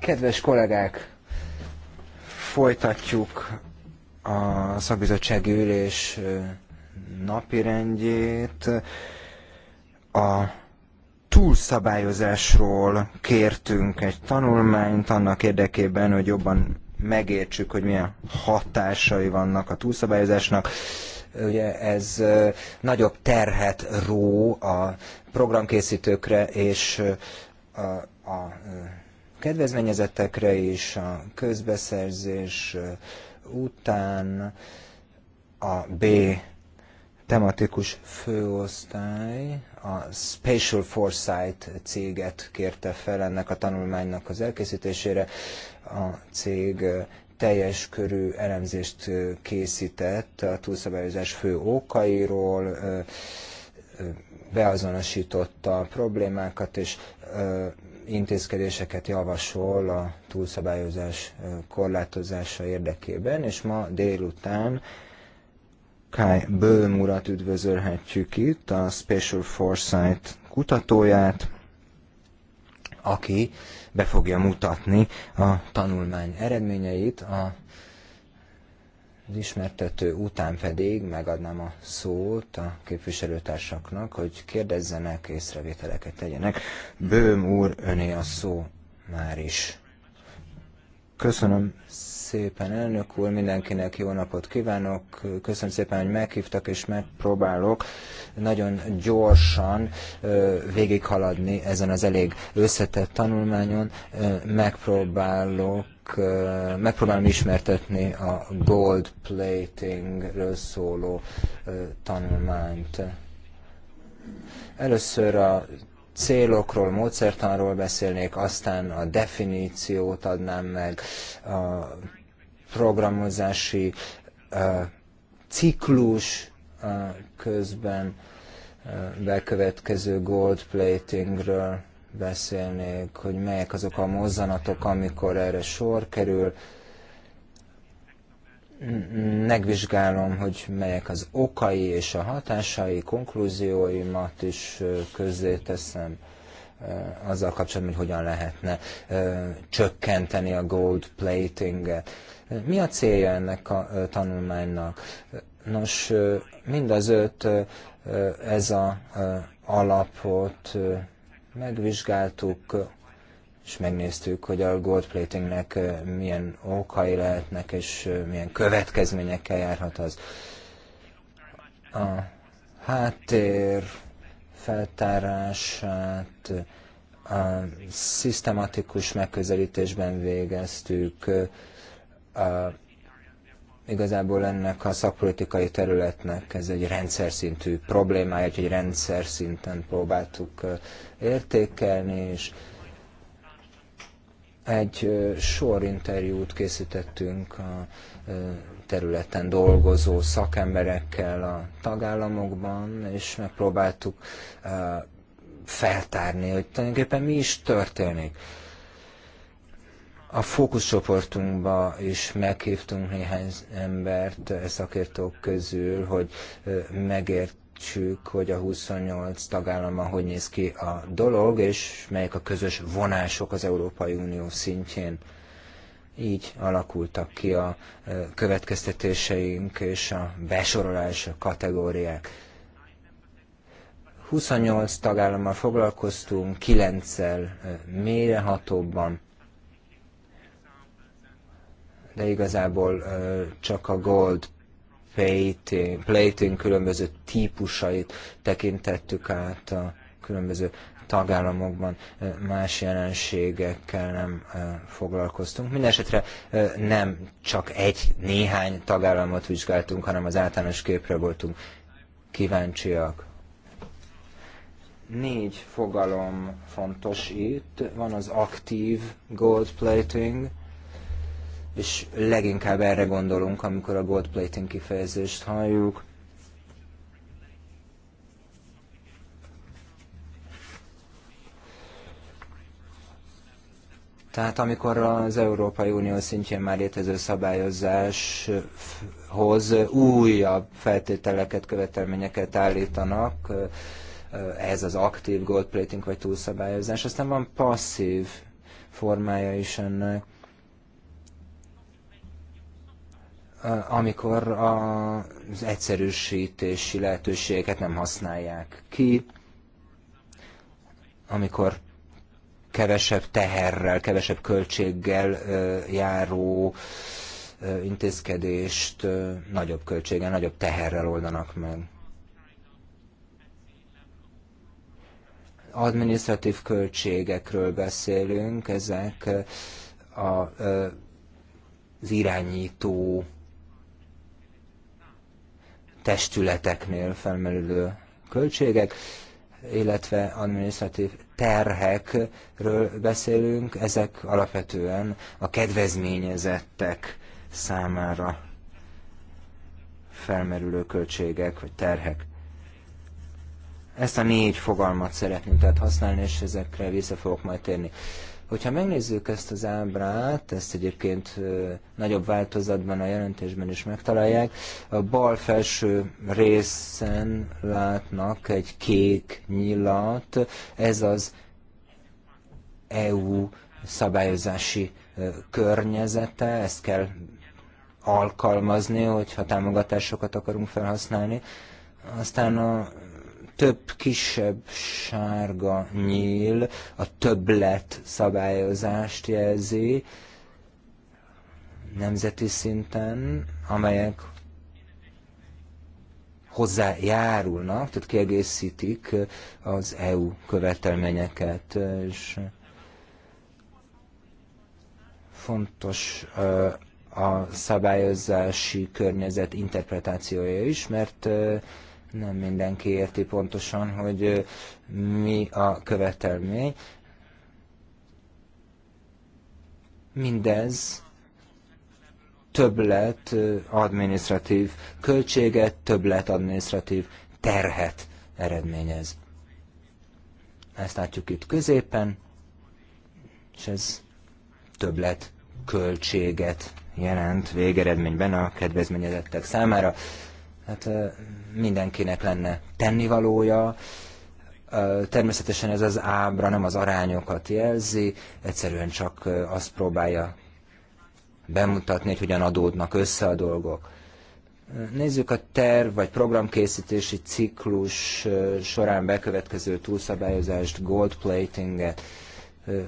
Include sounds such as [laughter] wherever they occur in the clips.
Kedves kollégák, folytatjuk a szakbizottsági ülés napirendjét. A túlszabályozásról kértünk egy tanulmányt annak érdekében, hogy jobban megértsük, hogy milyen hatásai vannak a túlszabályozásnak ugye ez nagyobb terhet ró a programkészítőkre és a kedvezményezettekre is, a közbeszerzés után a B tematikus főosztály a Special Foresight céget kérte fel ennek a tanulmánynak az elkészítésére. A cég teljes körű elemzést készített a túlszabályozás fő okairól, beazonosította a problémákat és intézkedéseket javasol a túlszabályozás korlátozása érdekében, és ma délután Kai Böhm urat üdvözölhetjük itt, a Special Foresight kutatóját, aki be fogja mutatni a tanulmány eredményeit a az ismertető után pedig megadnám a szót a képviselőtársaknak, hogy kérdezzenek, észrevételeket tegyenek. Bőm úr, öné a szó már is. Köszönöm szépen, elnök úr, mindenkinek jó napot kívánok. Köszönöm szépen, hogy meghívtak, és megpróbálok nagyon gyorsan végighaladni ezen az elég összetett tanulmányon. Megpróbálok megpróbálom ismertetni a gold platingről szóló tanulmányt. Először a célokról, módszertanról beszélnék, aztán a definíciót adnám meg, a programozási ciklus közben bekövetkező gold platingről beszélnék, hogy melyek azok a mozzanatok, amikor erre sor kerül. Megvizsgálom, hogy melyek az okai és a hatásai, konklúzióimat is közzé teszem azzal kapcsolatban, hogy hogyan lehetne csökkenteni a gold platinget. Mi a célja ennek a tanulmánynak? Nos, mind az öt ez az alapot megvizsgáltuk, és megnéztük, hogy a gold platingnek milyen okai lehetnek, és milyen következményekkel járhat az. A háttér feltárását a szisztematikus megközelítésben végeztük, a Igazából ennek a szakpolitikai területnek ez egy rendszer szintű problémája, egy rendszer szinten próbáltuk értékelni, és egy sor interjút készítettünk a területen dolgozó szakemberekkel a tagállamokban, és megpróbáltuk feltárni, hogy tulajdonképpen mi is történik. A fókuszcsoportunkba is meghívtunk néhány embert e szakértők közül, hogy megért hogy a 28 tagállama hogy néz ki a dolog, és melyek a közös vonások az Európai Unió szintjén. Így alakultak ki a következtetéseink és a besorolás kategóriák. 28 tagállammal foglalkoztunk, 9-szel mélyrehatóbban, de igazából csak a gold plating, plating különböző típusait tekintettük át a különböző tagállamokban más jelenségekkel nem foglalkoztunk. Mindenesetre nem csak egy néhány tagállamot vizsgáltunk, hanem az általános képre voltunk kíváncsiak. Négy fogalom fontos itt. Van az aktív gold plating, és leginkább erre gondolunk, amikor a gold plating kifejezést halljuk. Tehát amikor az Európai Unió szintjén már létező szabályozáshoz újabb feltételeket, követelményeket állítanak, ez az aktív gold plating vagy túlszabályozás, aztán van passzív formája is ennek. amikor az egyszerűsítési lehetőségeket nem használják ki, amikor kevesebb teherrel, kevesebb költséggel járó intézkedést nagyobb költséggel, nagyobb teherrel oldanak meg. Administratív költségekről beszélünk, ezek a, az irányító testületeknél felmerülő költségek, illetve administratív terhekről beszélünk, ezek alapvetően a kedvezményezettek számára felmerülő költségek vagy terhek. Ezt a négy fogalmat szeretném tehát használni, és ezekre vissza fogok majd térni. Hogyha megnézzük ezt az ábrát, ezt egyébként nagyobb változatban a jelentésben is megtalálják, a bal felső részen látnak egy kék nyilat, ez az EU szabályozási környezete, ezt kell alkalmazni, hogyha támogatásokat akarunk felhasználni. Aztán a több kisebb sárga nyíl a többlet szabályozást jelzi nemzeti szinten, amelyek hozzájárulnak, tehát kiegészítik az EU követelményeket, és fontos a szabályozási környezet interpretációja is, mert nem mindenki érti pontosan, hogy mi a követelmény. Mindez többlet administratív költséget, többlet administratív terhet eredményez. Ezt látjuk itt középen, és ez többlet költséget jelent végeredményben a kedvezményezettek számára. Hát mindenkinek lenne tennivalója, Természetesen ez az ábra nem az arányokat jelzi, egyszerűen csak azt próbálja bemutatni, hogy hogyan adódnak össze a dolgok. Nézzük a terv vagy programkészítési ciklus során bekövetkező túlszabályozást, gold platinget,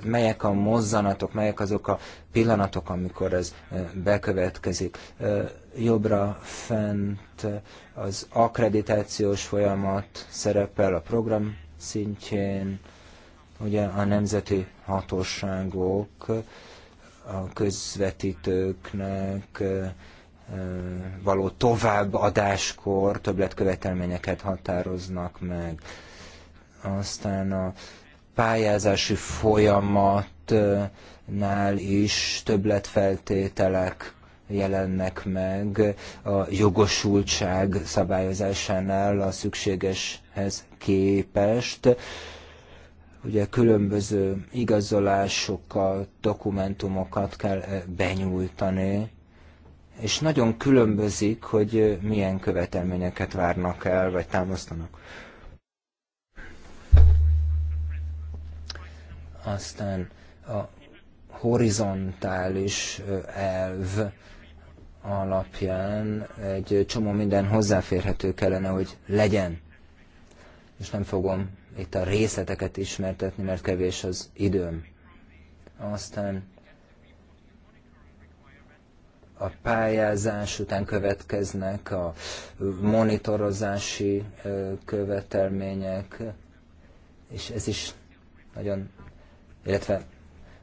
melyek a mozzanatok, melyek azok a pillanatok, amikor ez bekövetkezik jobbra fent az akkreditációs folyamat szerepel a program szintjén, ugye a nemzeti hatóságok a közvetítőknek való továbbadáskor többletkövetelményeket határoznak meg. Aztán a pályázási folyamatnál is többletfeltételek jelennek meg a jogosultság szabályozásánál a szükségeshez képest. Ugye különböző igazolásokat, dokumentumokat kell eh, benyújtani, és nagyon különbözik, hogy eh, milyen követelményeket várnak el, vagy támasztanak. Aztán a horizontális eh, elv alapján egy csomó minden hozzáférhető kellene, hogy legyen. És nem fogom itt a részleteket ismertetni, mert kevés az időm. Aztán a pályázás után következnek a monitorozási követelmények, és ez is nagyon, illetve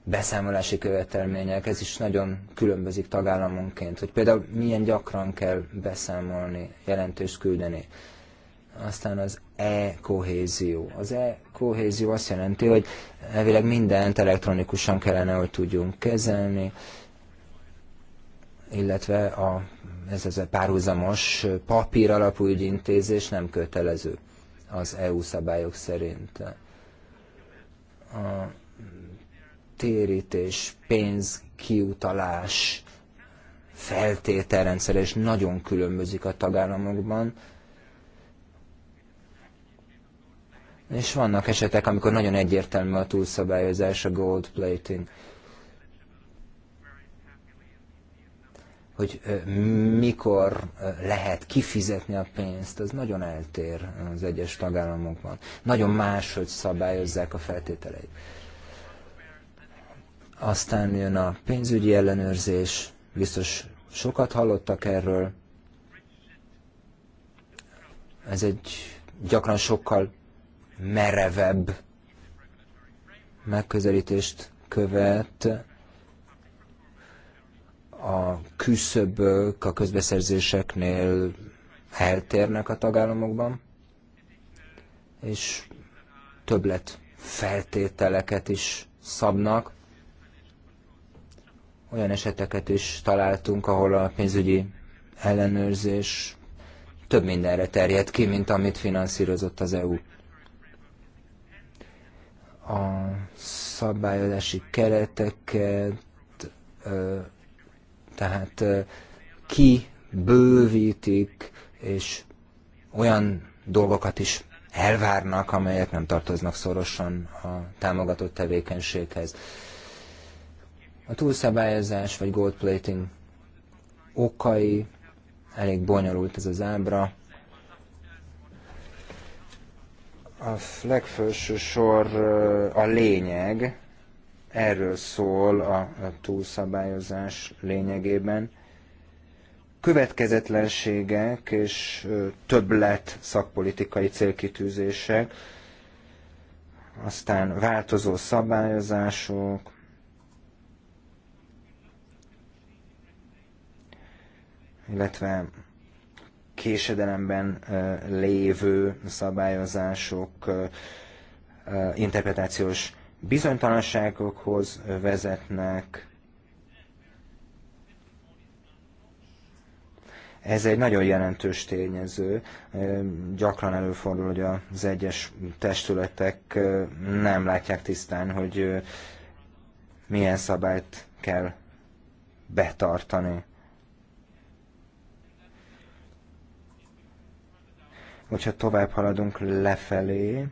beszámolási követelmények, ez is nagyon különbözik tagállamonként, hogy például milyen gyakran kell beszámolni, jelentős küldeni. Aztán az e-kohézió. Az e-kohézió azt jelenti, hogy elvileg mindent elektronikusan kellene, hogy tudjunk kezelni, illetve a, ez, az a párhuzamos papír alapú ügyintézés nem kötelező az EU szabályok szerint. A, térítés, pénzkiutalás feltételrendszer, és nagyon különbözik a tagállamokban. És vannak esetek, amikor nagyon egyértelmű a túlszabályozás, a gold plating. Hogy mikor lehet kifizetni a pénzt, az nagyon eltér az egyes tagállamokban. Nagyon máshogy szabályozzák a feltételeit. Aztán jön a pénzügyi ellenőrzés, biztos sokat hallottak erről. Ez egy gyakran sokkal merevebb megközelítést követ, a küszöbök a közbeszerzéseknél eltérnek a tagállamokban, és többlet feltételeket is szabnak. Olyan eseteket is találtunk, ahol a pénzügyi ellenőrzés több mindenre terjed ki, mint amit finanszírozott az EU. A szabályozási kereteket, tehát ki bővítik, és olyan dolgokat is elvárnak, amelyek nem tartoznak szorosan a támogatott tevékenységhez. A túlszabályozás vagy gold plating okai, elég bonyolult ez az ábra. A legfelső sor a lényeg, erről szól a, a túlszabályozás lényegében. Következetlenségek és többlet szakpolitikai célkitűzések, aztán változó szabályozások, illetve késedelemben lévő szabályozások interpretációs bizonytalanságokhoz vezetnek. Ez egy nagyon jelentős tényező. Gyakran előfordul, hogy az egyes testületek nem látják tisztán, hogy milyen szabályt kell betartani. hogyha tovább haladunk lefelé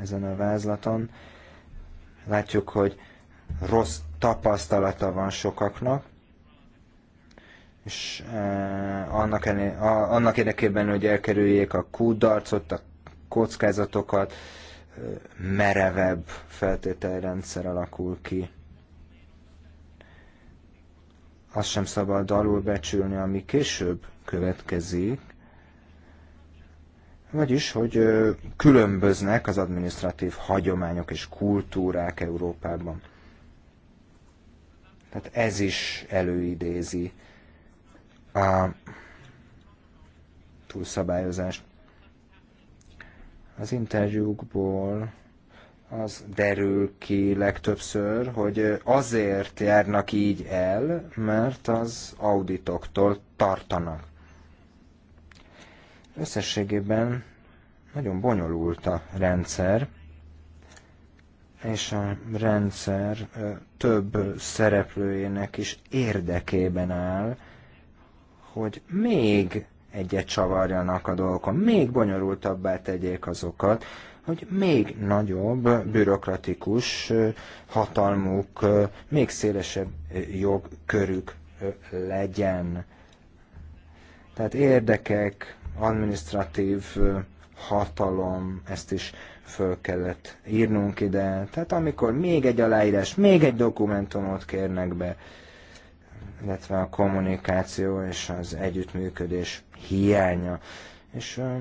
ezen a vázlaton, látjuk, hogy rossz tapasztalata van sokaknak, és e, annak, annak érdekében, hogy elkerüljék a kudarcot, a kockázatokat, e, merevebb feltételrendszer alakul ki. Azt sem szabad alulbecsülni, ami később következik, vagyis, hogy különböznek az administratív hagyományok és kultúrák Európában. Tehát ez is előidézi a túlszabályozást. Az interjúkból az derül ki legtöbbször, hogy azért járnak így el, mert az auditoktól tartanak. Összességében nagyon bonyolult a rendszer, és a rendszer több szereplőjének is érdekében áll, hogy még egyet csavarjanak a dolgokon, még bonyolultabbá tegyék azokat, hogy még nagyobb bürokratikus hatalmuk, még szélesebb jogkörük legyen. Tehát érdekek, administratív hatalom, ezt is föl kellett írnunk ide. Tehát amikor még egy aláírás, még egy dokumentumot kérnek be, illetve a kommunikáció és az együttműködés hiánya. És uh,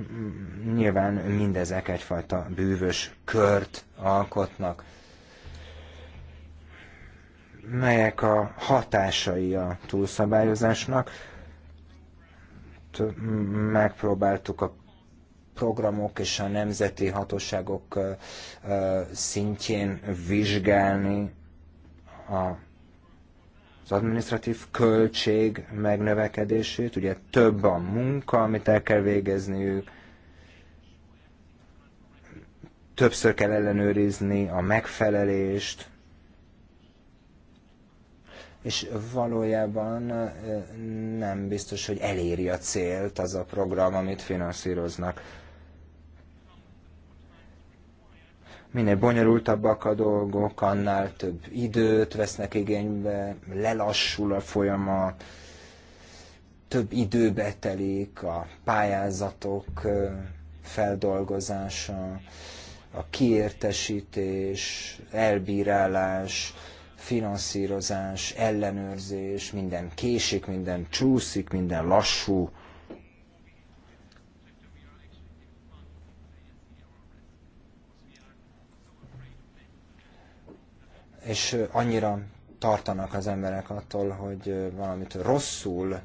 nyilván mindezek egyfajta bűvös kört alkotnak. Melyek a hatásai a túlszabályozásnak? megpróbáltuk a programok és a nemzeti hatóságok szintjén vizsgálni a az administratív költség megnövekedését, ugye több a munka, amit el kell végezniük, többször kell ellenőrizni a megfelelést, és valójában nem biztos, hogy eléri a célt az a program, amit finanszíroznak. Minél bonyolultabbak a dolgok, annál több időt vesznek igénybe, lelassul a folyamat, több időbe telik a pályázatok feldolgozása, a kiértesítés, elbírálás, finanszírozás, ellenőrzés, minden késik, minden csúszik, minden lassú. És annyira tartanak az emberek attól, hogy valamit rosszul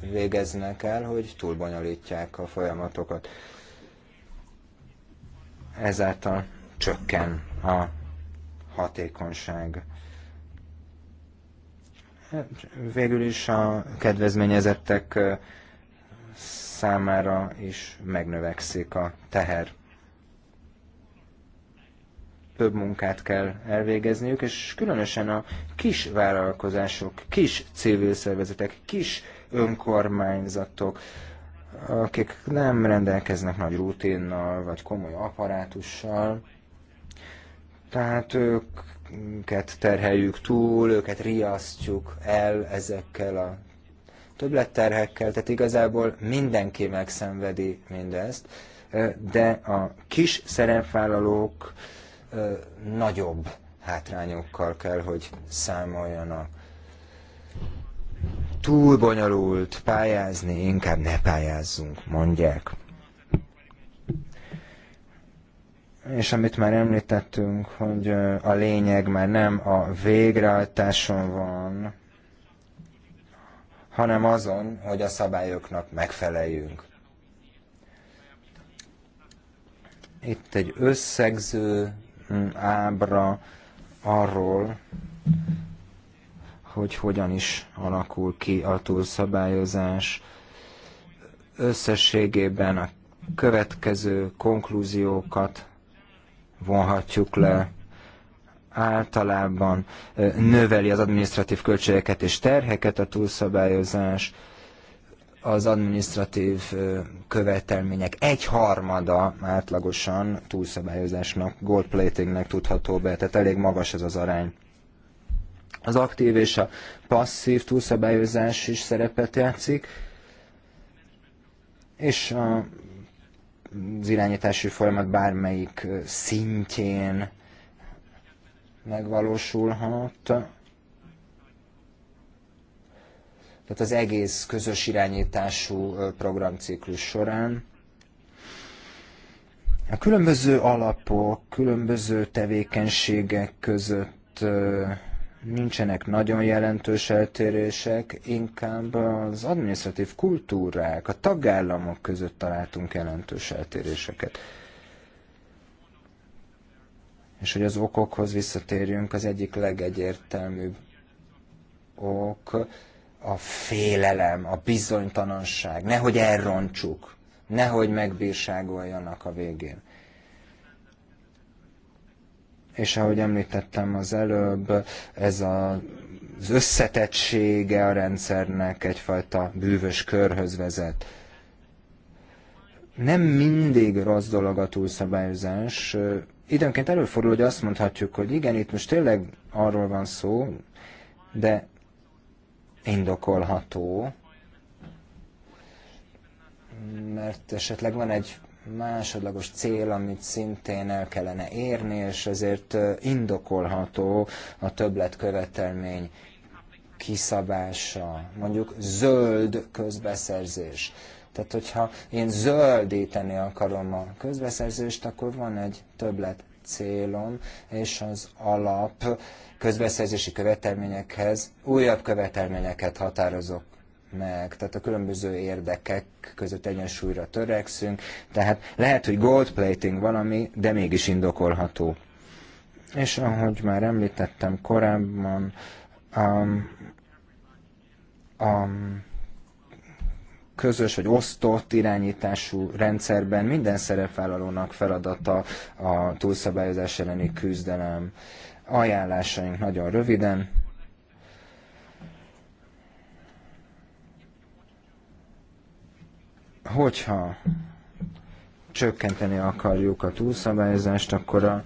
végeznek el, hogy túlbonyolítják a folyamatokat. Ezáltal csökken a hatékonyság végül is a kedvezményezettek számára is megnövekszik a teher. Több munkát kell elvégezniük, és különösen a kis vállalkozások, kis civil szervezetek, kis önkormányzatok, akik nem rendelkeznek nagy rutinnal, vagy komoly apparátussal, tehát ők őket terheljük túl, őket riasztjuk el ezekkel a többletterhekkel, tehát igazából mindenki megszenvedi mindezt, de a kis szerepvállalók nagyobb hátrányokkal kell, hogy számoljanak. Túl bonyolult pályázni, inkább ne pályázzunk, mondják. és amit már említettünk, hogy a lényeg már nem a végrehajtáson van, hanem azon, hogy a szabályoknak megfeleljünk. Itt egy összegző mm, ábra arról, hogy hogyan is alakul ki a túlszabályozás. Összességében a következő konklúziókat vonhatjuk le, általában növeli az administratív költségeket és terheket a túlszabályozás, az administratív követelmények egyharmada átlagosan túlszabályozásnak, gold platingnek tudható be, tehát elég magas ez az arány. Az aktív és a passzív túlszabályozás is szerepet játszik, és a az irányítási folyamat bármelyik szintjén megvalósulhat. Tehát az egész közös irányítású programciklus során. A különböző alapok, különböző tevékenységek között nincsenek nagyon jelentős eltérések, inkább az administratív kultúrák, a tagállamok között találtunk jelentős eltéréseket. És hogy az okokhoz visszatérjünk, az egyik legegyértelműbb ok a félelem, a bizonytalanság, nehogy elrontsuk, nehogy megbírságoljanak a végén és ahogy említettem az előbb, ez a az összetettsége a rendszernek egyfajta bűvös körhöz vezet. Nem mindig rossz dolog a túlszabályozás. Időnként előfordul, hogy azt mondhatjuk, hogy igen, itt most tényleg arról van szó, de indokolható, mert esetleg van egy másodlagos cél, amit szintén el kellene érni, és ezért indokolható a többletkövetelmény kiszabása, mondjuk zöld közbeszerzés. Tehát, hogyha én zöldíteni akarom a közbeszerzést, akkor van egy többlet célom, és az alap közbeszerzési követelményekhez újabb követelményeket határozok lehetnek, tehát a különböző érdekek között egyensúlyra törekszünk, tehát lehet, hogy gold plating valami, de mégis indokolható. És ahogy már említettem korábban, um, a um, közös vagy osztott irányítású rendszerben minden szerepvállalónak feladata a túlszabályozás elleni küzdelem. Ajánlásaink nagyon röviden. Hogyha csökkenteni akarjuk a túlszabályozást, akkor a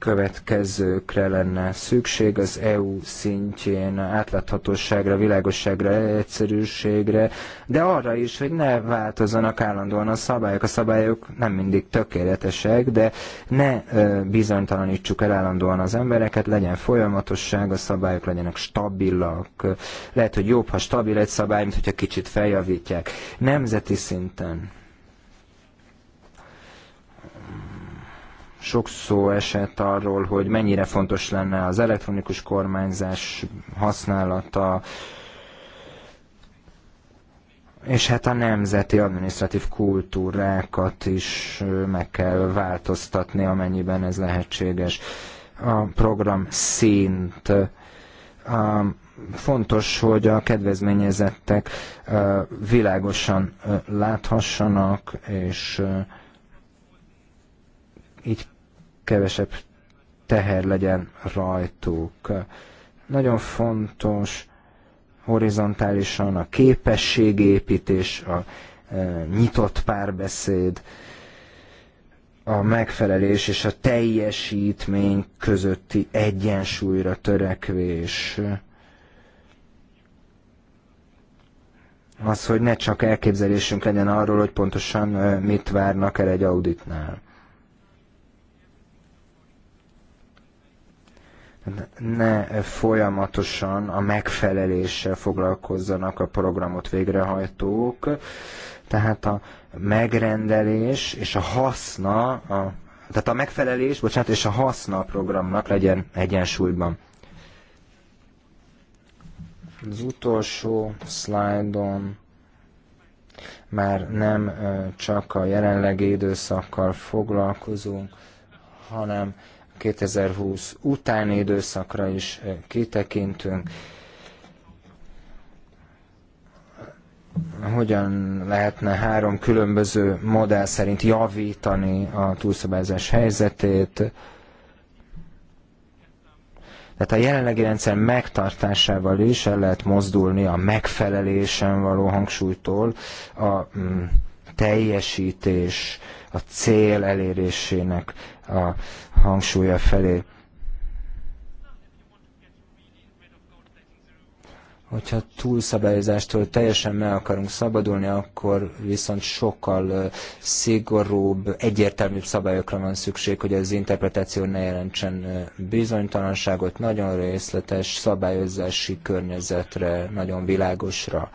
következőkre lenne szükség az EU szintjén, átláthatóságra, világosságra, egyszerűségre, de arra is, hogy ne változzanak állandóan a szabályok. A szabályok nem mindig tökéletesek, de ne bizonytalanítsuk el állandóan az embereket, legyen folyamatosság, a szabályok legyenek stabilak. Lehet, hogy jobb, ha stabil egy szabály, mint hogyha kicsit feljavítják. Nemzeti szinten Sok szó esett arról, hogy mennyire fontos lenne az elektronikus kormányzás használata, és hát a nemzeti adminisztratív kultúrákat is meg kell változtatni, amennyiben ez lehetséges. A program szint. fontos, hogy a kedvezményezettek világosan láthassanak, és így kevesebb teher legyen rajtuk. Nagyon fontos horizontálisan a képességépítés, a e, nyitott párbeszéd, a megfelelés és a teljesítmény közötti egyensúlyra törekvés. Az, hogy ne csak elképzelésünk legyen arról, hogy pontosan e, mit várnak el egy auditnál. ne folyamatosan a megfeleléssel foglalkozzanak a programot végrehajtók, tehát a megrendelés és a haszna, a, tehát a megfelelés, bocsánat, és a haszna a programnak legyen egyensúlyban. Az utolsó szlájdon már nem csak a jelenlegi időszakkal foglalkozunk, hanem 2020 utáni időszakra is eh, kitekintünk. Hogyan lehetne három különböző modell szerint javítani a túlszabályozás helyzetét, tehát a jelenlegi rendszer megtartásával is el lehet mozdulni a megfelelésen való hangsúlytól a mm, teljesítés a cél elérésének a hangsúlya felé. hogyha túlszabályozástól teljesen meg akarunk szabadulni, akkor viszont sokkal szigorúbb, egyértelműbb szabályokra van szükség, hogy az interpretáció ne jelentsen bizonytalanságot, nagyon részletes szabályozási környezetre, nagyon világosra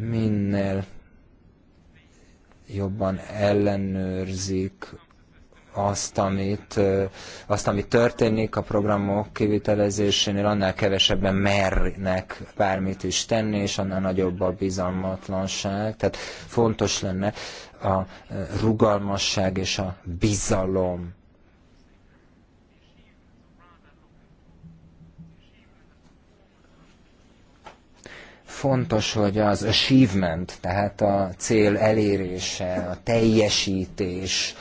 minél jobban ellenőrzik azt, amit, azt, amit történik a programok kivitelezésénél, annál kevesebben mernek bármit is tenni, és annál nagyobb a bizalmatlanság. Tehát fontos lenne a rugalmasság és a bizalom fontos, hogy az achievement, tehát a cél elérése, a teljesítés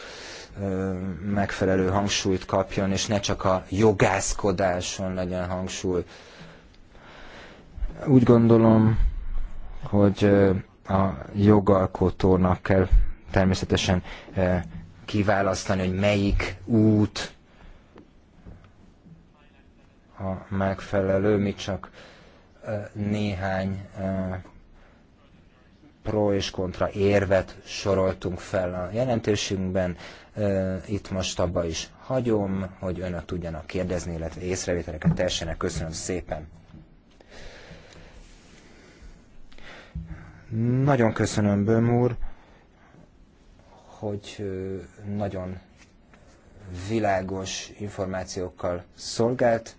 megfelelő hangsúlyt kapjon, és ne csak a jogászkodáson legyen hangsúly. Úgy gondolom, hogy a jogalkotónak kell természetesen kiválasztani, hogy melyik út a megfelelő, mi csak néhány pro és kontra érvet soroltunk fel a jelentésünkben. Itt most abba is hagyom, hogy önök tudjanak kérdezni, illetve észrevételeket tessenek. Köszönöm szépen! Nagyon köszönöm, Böhm úr, hogy nagyon világos információkkal szolgált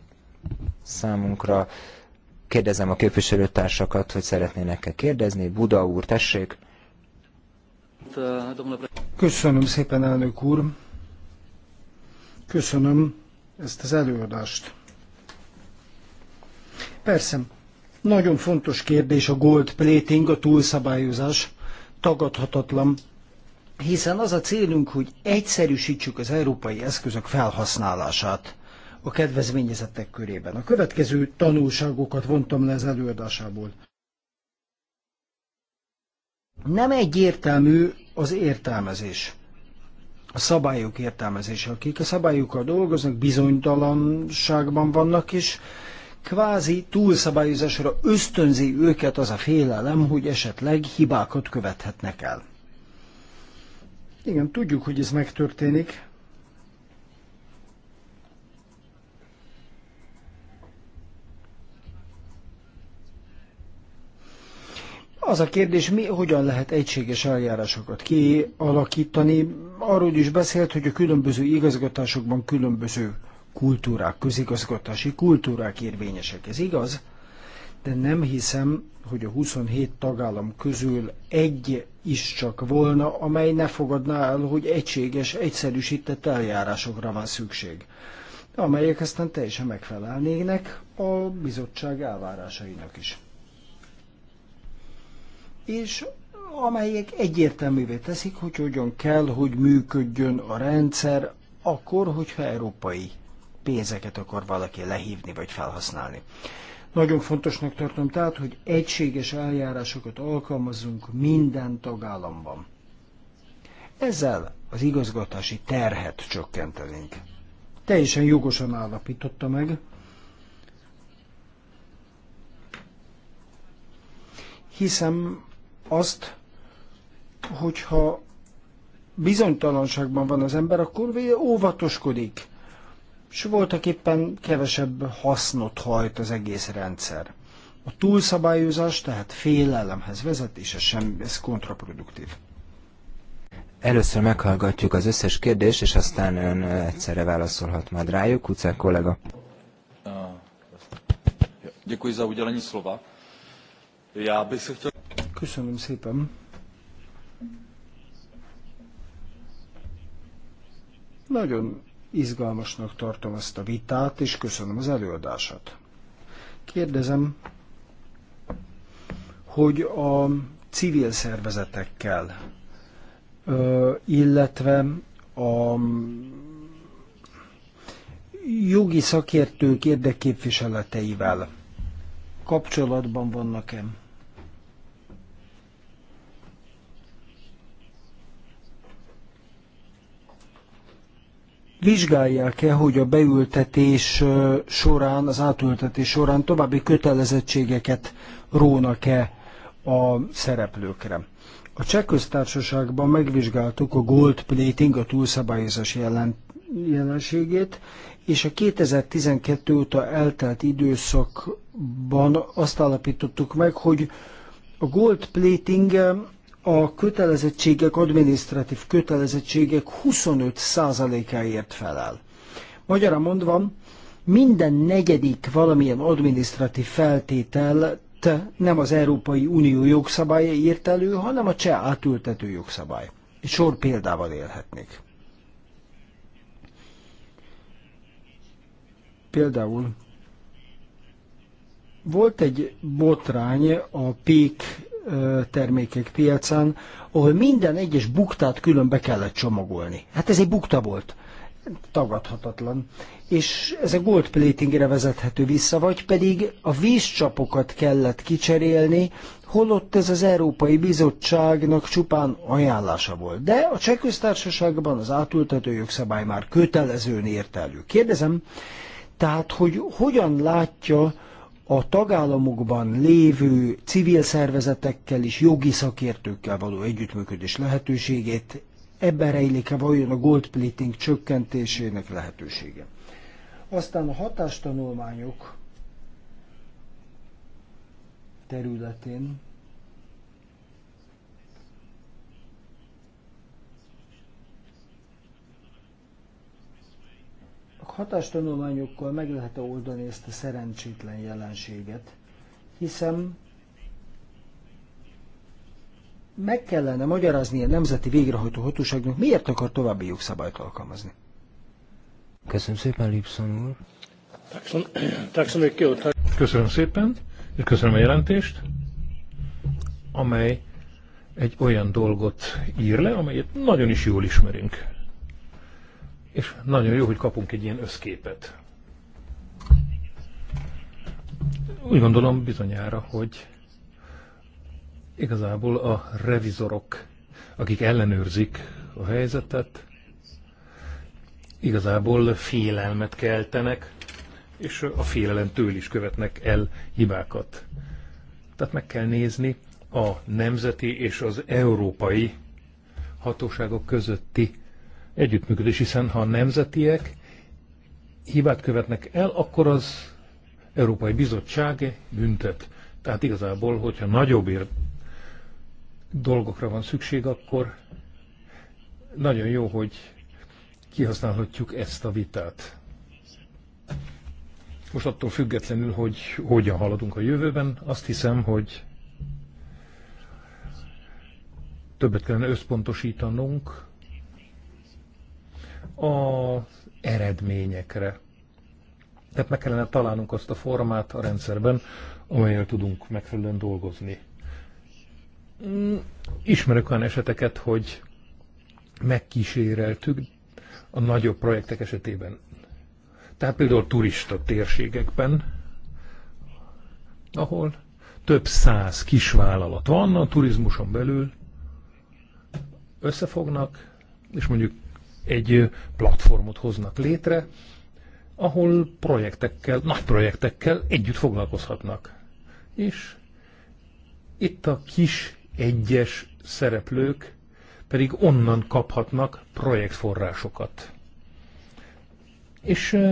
számunkra. Kérdezem a képviselőtársakat, hogy szeretnének-e kérdezni. Buda úr, tessék! Köszönöm szépen, elnök úr! Köszönöm ezt az előadást. Persze, nagyon fontos kérdés a gold plating, a túlszabályozás, tagadhatatlan, hiszen az a célunk, hogy egyszerűsítsük az európai eszközök felhasználását a kedvezményezettek körében. A következő tanulságokat vontam le az előadásából. Nem egyértelmű az értelmezés. A szabályok értelmezése. Akik a szabályokkal dolgoznak, bizonytalanságban vannak, és kvázi túlszabályozásra ösztönzi őket az a félelem, hogy esetleg hibákat követhetnek el. Igen, tudjuk, hogy ez megtörténik, Az a kérdés, mi, hogyan lehet egységes eljárásokat kialakítani. Arról is beszélt, hogy a különböző igazgatásokban különböző kultúrák, közigazgatási kultúrák érvényesek. Ez igaz, de nem hiszem, hogy a 27 tagállam közül egy is csak volna, amely ne fogadná el, hogy egységes, egyszerűsített eljárásokra van szükség, amelyek aztán teljesen megfelelnének a bizottság elvárásainak is és amelyek egyértelművé teszik, hogy hogyan kell, hogy működjön a rendszer, akkor, hogyha európai pénzeket akar valaki lehívni vagy felhasználni. Nagyon fontosnak tartom tehát, hogy egységes eljárásokat alkalmazunk minden tagállamban. Ezzel az igazgatási terhet csökkentenénk. Teljesen jogosan állapította meg, hiszem azt, hogyha bizonytalanságban van az ember, akkor óvatoskodik, és voltak éppen kevesebb hasznot hajt az egész rendszer. A túlszabályozás tehát félelemhez vezet, és ez, sem, ez kontraproduktív. Először meghallgatjuk az összes kérdést, és aztán ön egyszerre válaszolhat majd rájuk. Kucák kollega. Děkuji za udělení slova. Já bych se chtěl... Köszönöm szépen. Nagyon izgalmasnak tartom ezt a vitát, és köszönöm az előadását. Kérdezem, hogy a civil szervezetekkel, illetve a jogi szakértők érdekképviseleteivel kapcsolatban vannak-e? vizsgálják-e, hogy a beültetés során, az átültetés során további kötelezettségeket rónak-e a szereplőkre. A cseh köztársaságban megvizsgáltuk a gold plating, a túlszabályozás jelen, jelenségét, és a 2012 óta eltelt időszakban azt állapítottuk meg, hogy a gold plating a kötelezettségek, adminisztratív kötelezettségek 25%-áért felel. Magyarán mondva, minden negyedik valamilyen adminisztratív feltételt nem az Európai Unió jogszabálya írt elő, hanem a cseh átültető jogszabály. Egy sor példával élhetnék. Például volt egy botrány a pék termékek piacán, ahol minden egyes buktát külön be kellett csomagolni. Hát ez egy bukta volt. Tagadhatatlan. És ez a gold platingre vezethető vissza, vagy pedig a vízcsapokat kellett kicserélni, holott ez az Európai Bizottságnak csupán ajánlása volt. De a cseh köztársaságban az átültető jogszabály már kötelezőn írt elő. Kérdezem, tehát, hogy hogyan látja a tagállamokban lévő civil szervezetekkel és jogi szakértőkkel való együttműködés lehetőségét, ebben rejlik-e vajon a gold plating csökkentésének lehetősége. Aztán a hatástanulmányok területén A hatástanulmányokkal meg lehet -e oldani ezt a szerencsétlen jelenséget, hiszen meg kellene magyarázni a nemzeti végrehajtó hatóságnak, miért akar további jogszabályt alkalmazni. Köszönöm szépen, Lipson úr. [clears throat] Köszönöm szépen, és köszönöm a jelentést, amely egy olyan dolgot ír le, amelyet nagyon is jól ismerünk. És nagyon jó, hogy kapunk egy ilyen összképet. Úgy gondolom bizonyára, hogy igazából a revizorok, akik ellenőrzik a helyzetet, igazából félelmet keltenek, és a félelemtől is követnek el hibákat. Tehát meg kell nézni a nemzeti és az európai hatóságok közötti együttműködés, hiszen ha a nemzetiek hibát követnek el, akkor az Európai Bizottság büntet. Tehát igazából, hogyha nagyobb ér dolgokra van szükség, akkor nagyon jó, hogy kihasználhatjuk ezt a vitát. Most attól függetlenül, hogy hogyan haladunk a jövőben, azt hiszem, hogy többet kellene összpontosítanunk az eredményekre. Tehát meg kellene találnunk azt a formát a rendszerben, amelyel tudunk megfelelően dolgozni. Mm, ismerek olyan eseteket, hogy megkíséreltük a nagyobb projektek esetében. Tehát például turista térségekben, ahol több száz kisvállalat van a turizmuson belül, összefognak, és mondjuk egy platformot hoznak létre, ahol projektekkel, nagy projektekkel együtt foglalkozhatnak. És itt a kis egyes szereplők pedig onnan kaphatnak projektforrásokat. És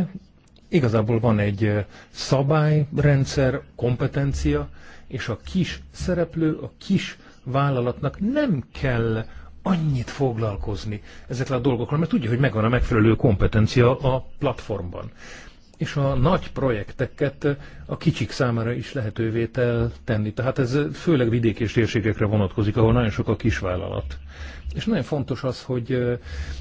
igazából van egy szabályrendszer, kompetencia, és a kis szereplő, a kis vállalatnak nem kell annyit foglalkozni ezekre a dolgokra, mert tudja, hogy megvan a megfelelő kompetencia a platformban. És a nagy projekteket a kicsik számára is lehetővé tenni. Tehát ez főleg vidék és térségekre vonatkozik, ahol nagyon sok a kisvállalat. És nagyon fontos az, hogy,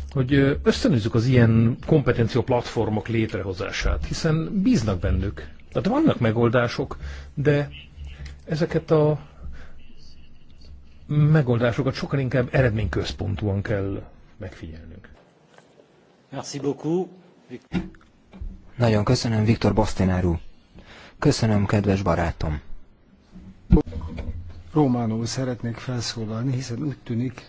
hogy ösztönözzük az ilyen kompetencia platformok létrehozását, hiszen bíznak bennük. Tehát vannak megoldások, de ezeket a megoldásokat sokkal inkább eredményközpontúan kell megfigyelnünk. Merci beaucoup. Nagyon köszönöm, Viktor Bastinárú. Köszönöm, kedves barátom. Románul szeretnék felszólalni, hiszen úgy tűnik,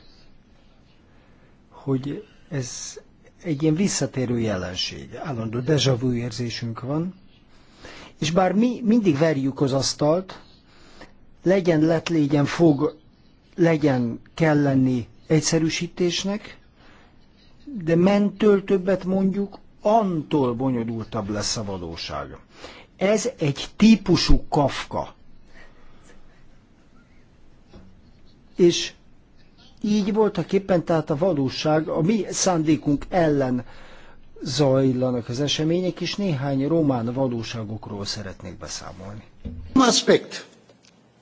hogy ez egy ilyen visszatérő jelenség. Állandó deja vu érzésünk van, és bár mi mindig verjük az asztalt, legyen lett, légyen fog legyen kell lenni egyszerűsítésnek, de mentől többet mondjuk, antól bonyolultabb lesz a valóság. Ez egy típusú kafka. És így voltak éppen, tehát a valóság a mi szándékunk ellen zajlanak az események, és néhány román valóságokról szeretnék beszámolni. Aspekt,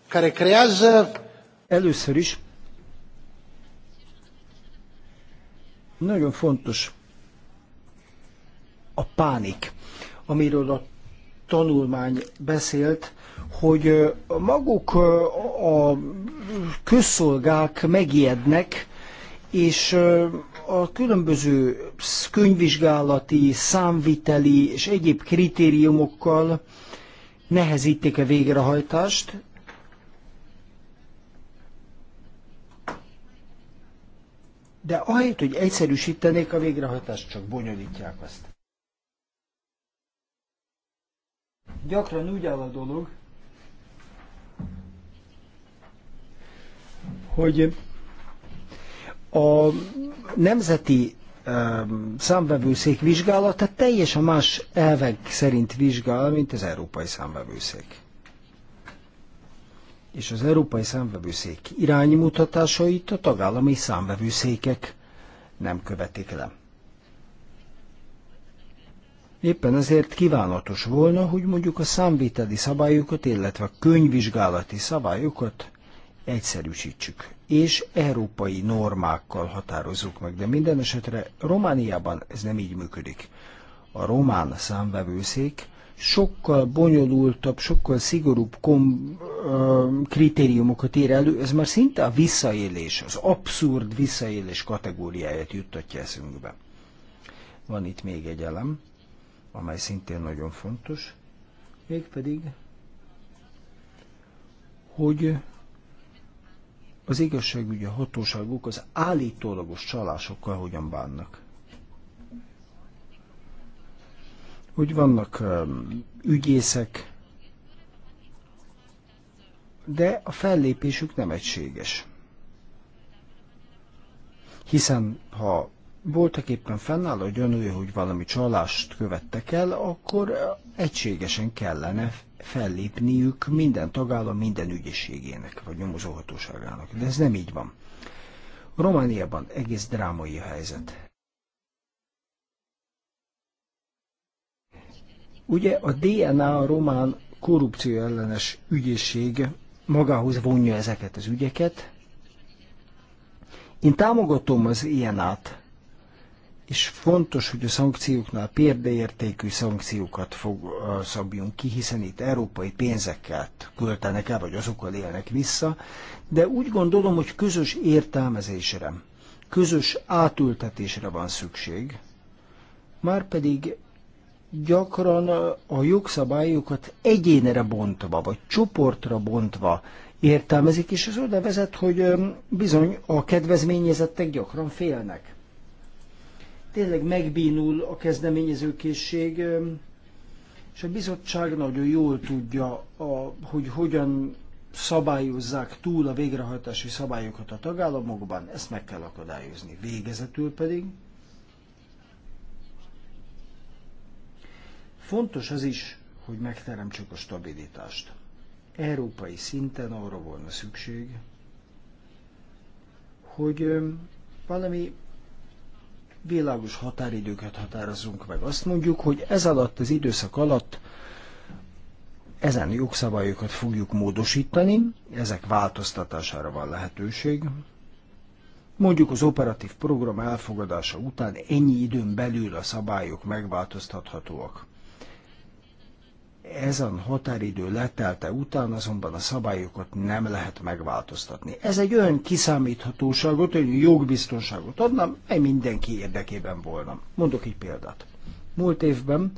care creează Először is nagyon fontos a pánik, amiről a tanulmány beszélt, hogy maguk a közszolgák megijednek, és a különböző könyvvizsgálati, számviteli és egyéb kritériumokkal nehezítik a végrehajtást, de ahelyett, hogy egyszerűsítenék a végrehajtást, csak bonyolítják azt. Gyakran úgy áll a dolog, hogy a nemzeti számvevőszék vizsgálata teljesen más elvek szerint vizsgál, mint az európai számvevőszék és az Európai Számvevőszék iránymutatásait a tagállami számvevőszékek nem követik le. Éppen ezért kívánatos volna, hogy mondjuk a számviteli szabályokat, illetve a könyvvizsgálati szabályokat egyszerűsítsük, és európai normákkal határozzuk meg, de minden esetre Romániában ez nem így működik. A román számvevőszék sokkal bonyolultabb, sokkal szigorúbb kom, ö, kritériumokat ír elő, ez már szinte a visszaélés, az abszurd visszaélés kategóriáját juttatja eszünkbe. Van itt még egy elem, amely szintén nagyon fontos, mégpedig, hogy az igazságügyi hatóságok az állítólagos csalásokkal hogyan bánnak. hogy vannak ügyészek, de a fellépésük nem egységes. Hiszen ha voltak éppen fennáll a gyanúja, hogy valami csalást követtek el, akkor egységesen kellene fellépniük minden tagállam minden ügyészségének, vagy nyomozóhatóságának. De ez nem így van. Romániában egész drámai a helyzet. Ugye a DNA a román korrupció ellenes ügyészség magához vonja ezeket az ügyeket. Én támogatom az ilyenát, és fontos, hogy a szankcióknál példaértékű szankciókat fog, szabjunk ki, hiszen itt európai pénzekkel költenek el, vagy azokkal élnek vissza, de úgy gondolom, hogy közös értelmezésre, közös átültetésre van szükség, pedig gyakran a jogszabályokat egyénre bontva, vagy csoportra bontva értelmezik, és ez oda vezet, hogy bizony a kedvezményezettek gyakran félnek. Tényleg megbínul a kezdeményezőkészség, és a bizottság nagyon jól tudja, a, hogy hogyan szabályozzák túl a végrehajtási szabályokat a tagállamokban, ezt meg kell akadályozni. Végezetül pedig Fontos az is, hogy megteremtsük a stabilitást. Európai szinten arra volna szükség, hogy valami világos határidőket határozunk meg. Azt mondjuk, hogy ez alatt, az időszak alatt ezen jogszabályokat fogjuk módosítani, ezek változtatására van lehetőség. Mondjuk az operatív program elfogadása után ennyi időn belül a szabályok megváltoztathatóak. Ezen határidő letelte után azonban a szabályokat nem lehet megváltoztatni. Ez egy olyan kiszámíthatóságot, olyan jogbiztonságot adna, mely mindenki érdekében volna. Mondok egy példát. Múlt évben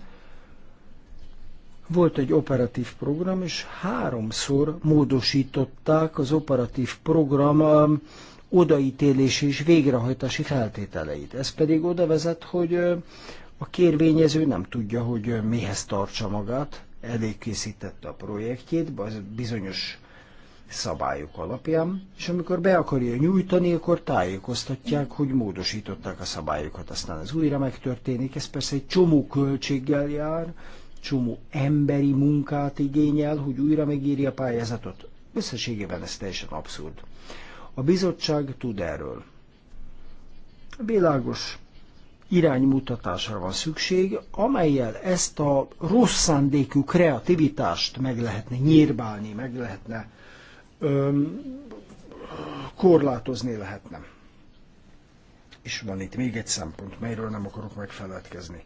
volt egy operatív program, és háromszor módosították az operatív program um, odaítélési és végrehajtási feltételeit. Ez pedig oda vezet, hogy a kérvényező nem tudja, hogy mihez tartsa magát, előkészítette a projektjét, az bizonyos szabályok alapján, és amikor be akarja nyújtani, akkor tájékoztatják, hogy módosították a szabályokat. Aztán ez újra megtörténik, ez persze egy csomó költséggel jár, csomó emberi munkát igényel, hogy újra megírja a pályázatot. Összességében ez teljesen abszurd. A bizottság tud erről. Világos iránymutatásra van szükség, amelyel ezt a rossz szándékű kreativitást meg lehetne nyírbálni, meg lehetne öm, korlátozni lehetne. És van itt még egy szempont, melyről nem akarok megfeledkezni.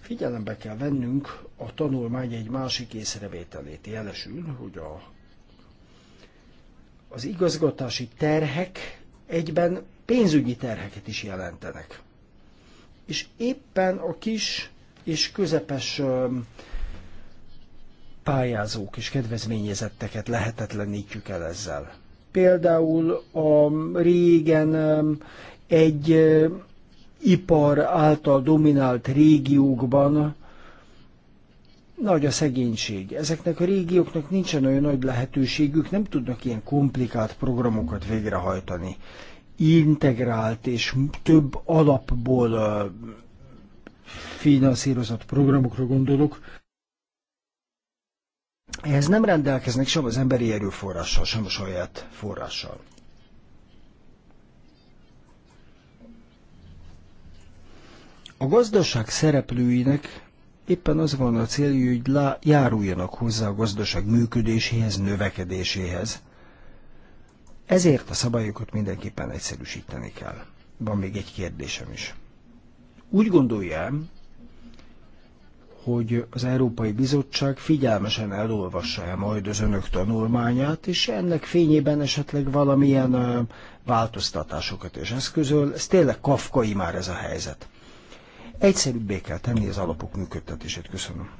Figyelembe kell vennünk a tanulmány egy másik észrevételét. Jelesül, hogy a, az igazgatási terhek egyben pénzügyi terheket is jelentenek és éppen a kis és közepes pályázók és kedvezményezetteket lehetetlenítjük el ezzel. Például a régen egy ipar által dominált régiókban nagy a szegénység. Ezeknek a régióknak nincsen olyan nagy lehetőségük, nem tudnak ilyen komplikált programokat végrehajtani integrált és több alapból finanszírozott programokra gondolok, ehhez nem rendelkeznek sem az emberi erőforrással, sem a saját forrással. A gazdaság szereplőinek éppen az van a célja, hogy járuljanak hozzá a gazdaság működéséhez, növekedéséhez. Ezért a szabályokat mindenképpen egyszerűsíteni kell. Van még egy kérdésem is. Úgy gondolja, hogy az Európai Bizottság figyelmesen elolvassa-e majd az önök tanulmányát, és ennek fényében esetleg valamilyen változtatásokat és eszközöl. Ez tényleg kafkai már ez a helyzet. Egyszerűbbé kell tenni az alapok működtetését. Köszönöm.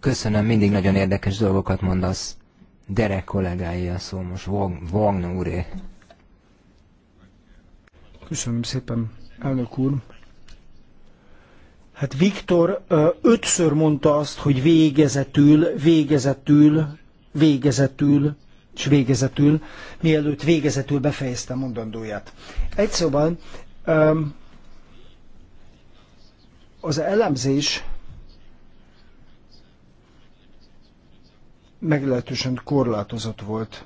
Köszönöm, mindig nagyon érdekes dolgokat mondasz. Derek kollégái a szó most, Wagner úré. Köszönöm szépen, elnök úr. Hát Viktor ötször mondta azt, hogy végezetül, végezetül, végezetül, és végezetül, mielőtt végezetül befejezte mondandóját. Egy szóval az elemzés meglehetősen korlátozott volt,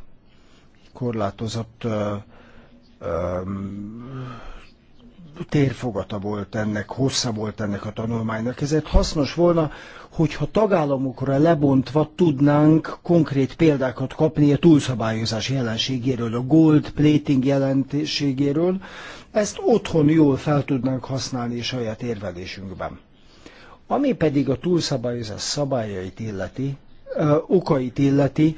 korlátozott ö, ö, térfogata volt ennek, hossza volt ennek a tanulmánynak. Ezért hasznos volna, hogyha tagállamokra lebontva tudnánk konkrét példákat kapni a túlszabályozás jelenségéről, a gold plating jelenségéről, ezt otthon jól fel tudnánk használni saját érvelésünkben. Ami pedig a túlszabályozás szabályait illeti, okait illeti,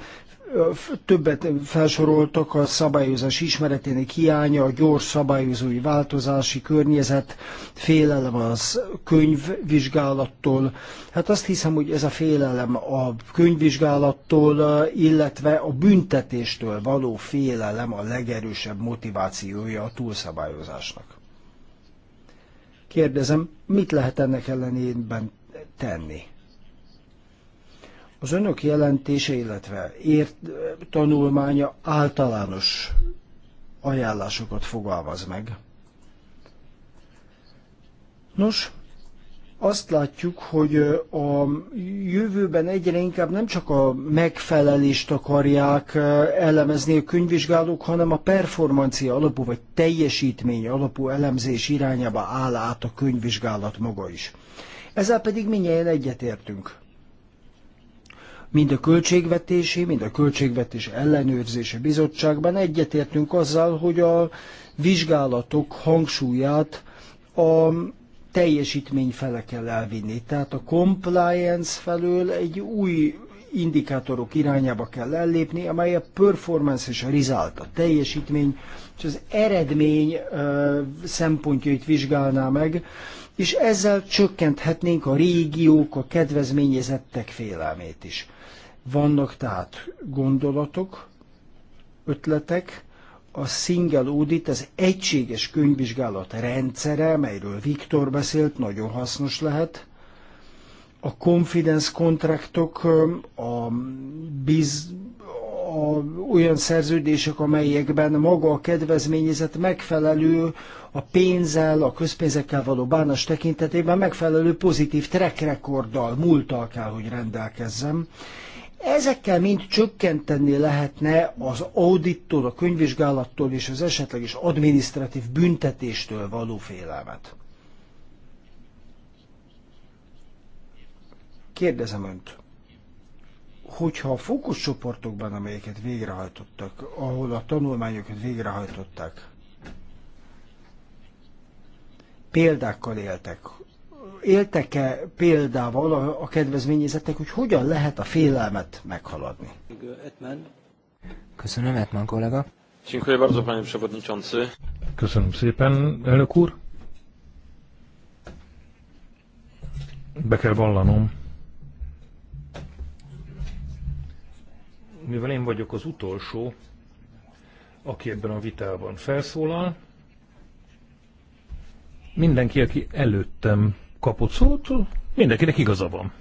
többet felsoroltak a szabályozás ismeretének hiánya, a gyors szabályozói változási környezet, félelem az könyvvizsgálattól. Hát azt hiszem, hogy ez a félelem a könyvvizsgálattól, illetve a büntetéstől való félelem a legerősebb motivációja a túlszabályozásnak. Kérdezem, mit lehet ennek ellenében tenni? Az önök jelentése, illetve ért tanulmánya általános ajánlásokat fogalmaz meg. Nos, azt látjuk, hogy a jövőben egyre inkább nem csak a megfelelést akarják elemezni a könyvvizsgálók, hanem a performancia alapú vagy teljesítmény alapú elemzés irányába áll át a könyvvizsgálat maga is. Ezzel pedig minnyien egyetértünk mind a költségvetési, mind a költségvetés ellenőrzési bizottságban egyetértünk azzal, hogy a vizsgálatok hangsúlyát a teljesítmény fele kell elvinni. Tehát a compliance felől egy új indikátorok irányába kell ellépni, amely a performance és a result, a teljesítmény és az eredmény szempontjait vizsgálná meg, és ezzel csökkenthetnénk a régiók, a kedvezményezettek félelmét is. Vannak tehát gondolatok, ötletek, a single audit, az egységes könyvvizsgálat rendszere, melyről Viktor beszélt, nagyon hasznos lehet. A confidence kontraktok, a, biz, a, olyan szerződések, amelyekben maga a kedvezményezett megfelelő a pénzzel, a közpénzekkel való bánás tekintetében megfelelő pozitív track rekorddal, múltal kell, hogy rendelkezzem Ezekkel mind csökkenteni lehetne az audittól, a könyvvizsgálattól és az esetleges adminisztratív büntetéstől való félelmet. Kérdezem Önt, hogyha a fókuszcsoportokban, amelyeket végrehajtottak, ahol a tanulmányokat végrehajtották, példákkal éltek, éltek-e példával a, a kedvezményezettek, hogy hogyan lehet a félelmet meghaladni? Köszönöm, Etman kollega. Köszönöm szépen, elnök úr. Be kell vallanom. Mivel én vagyok az utolsó, aki ebben a vitában felszólal, mindenki, aki előttem kapott szót, mindenkinek igaza van.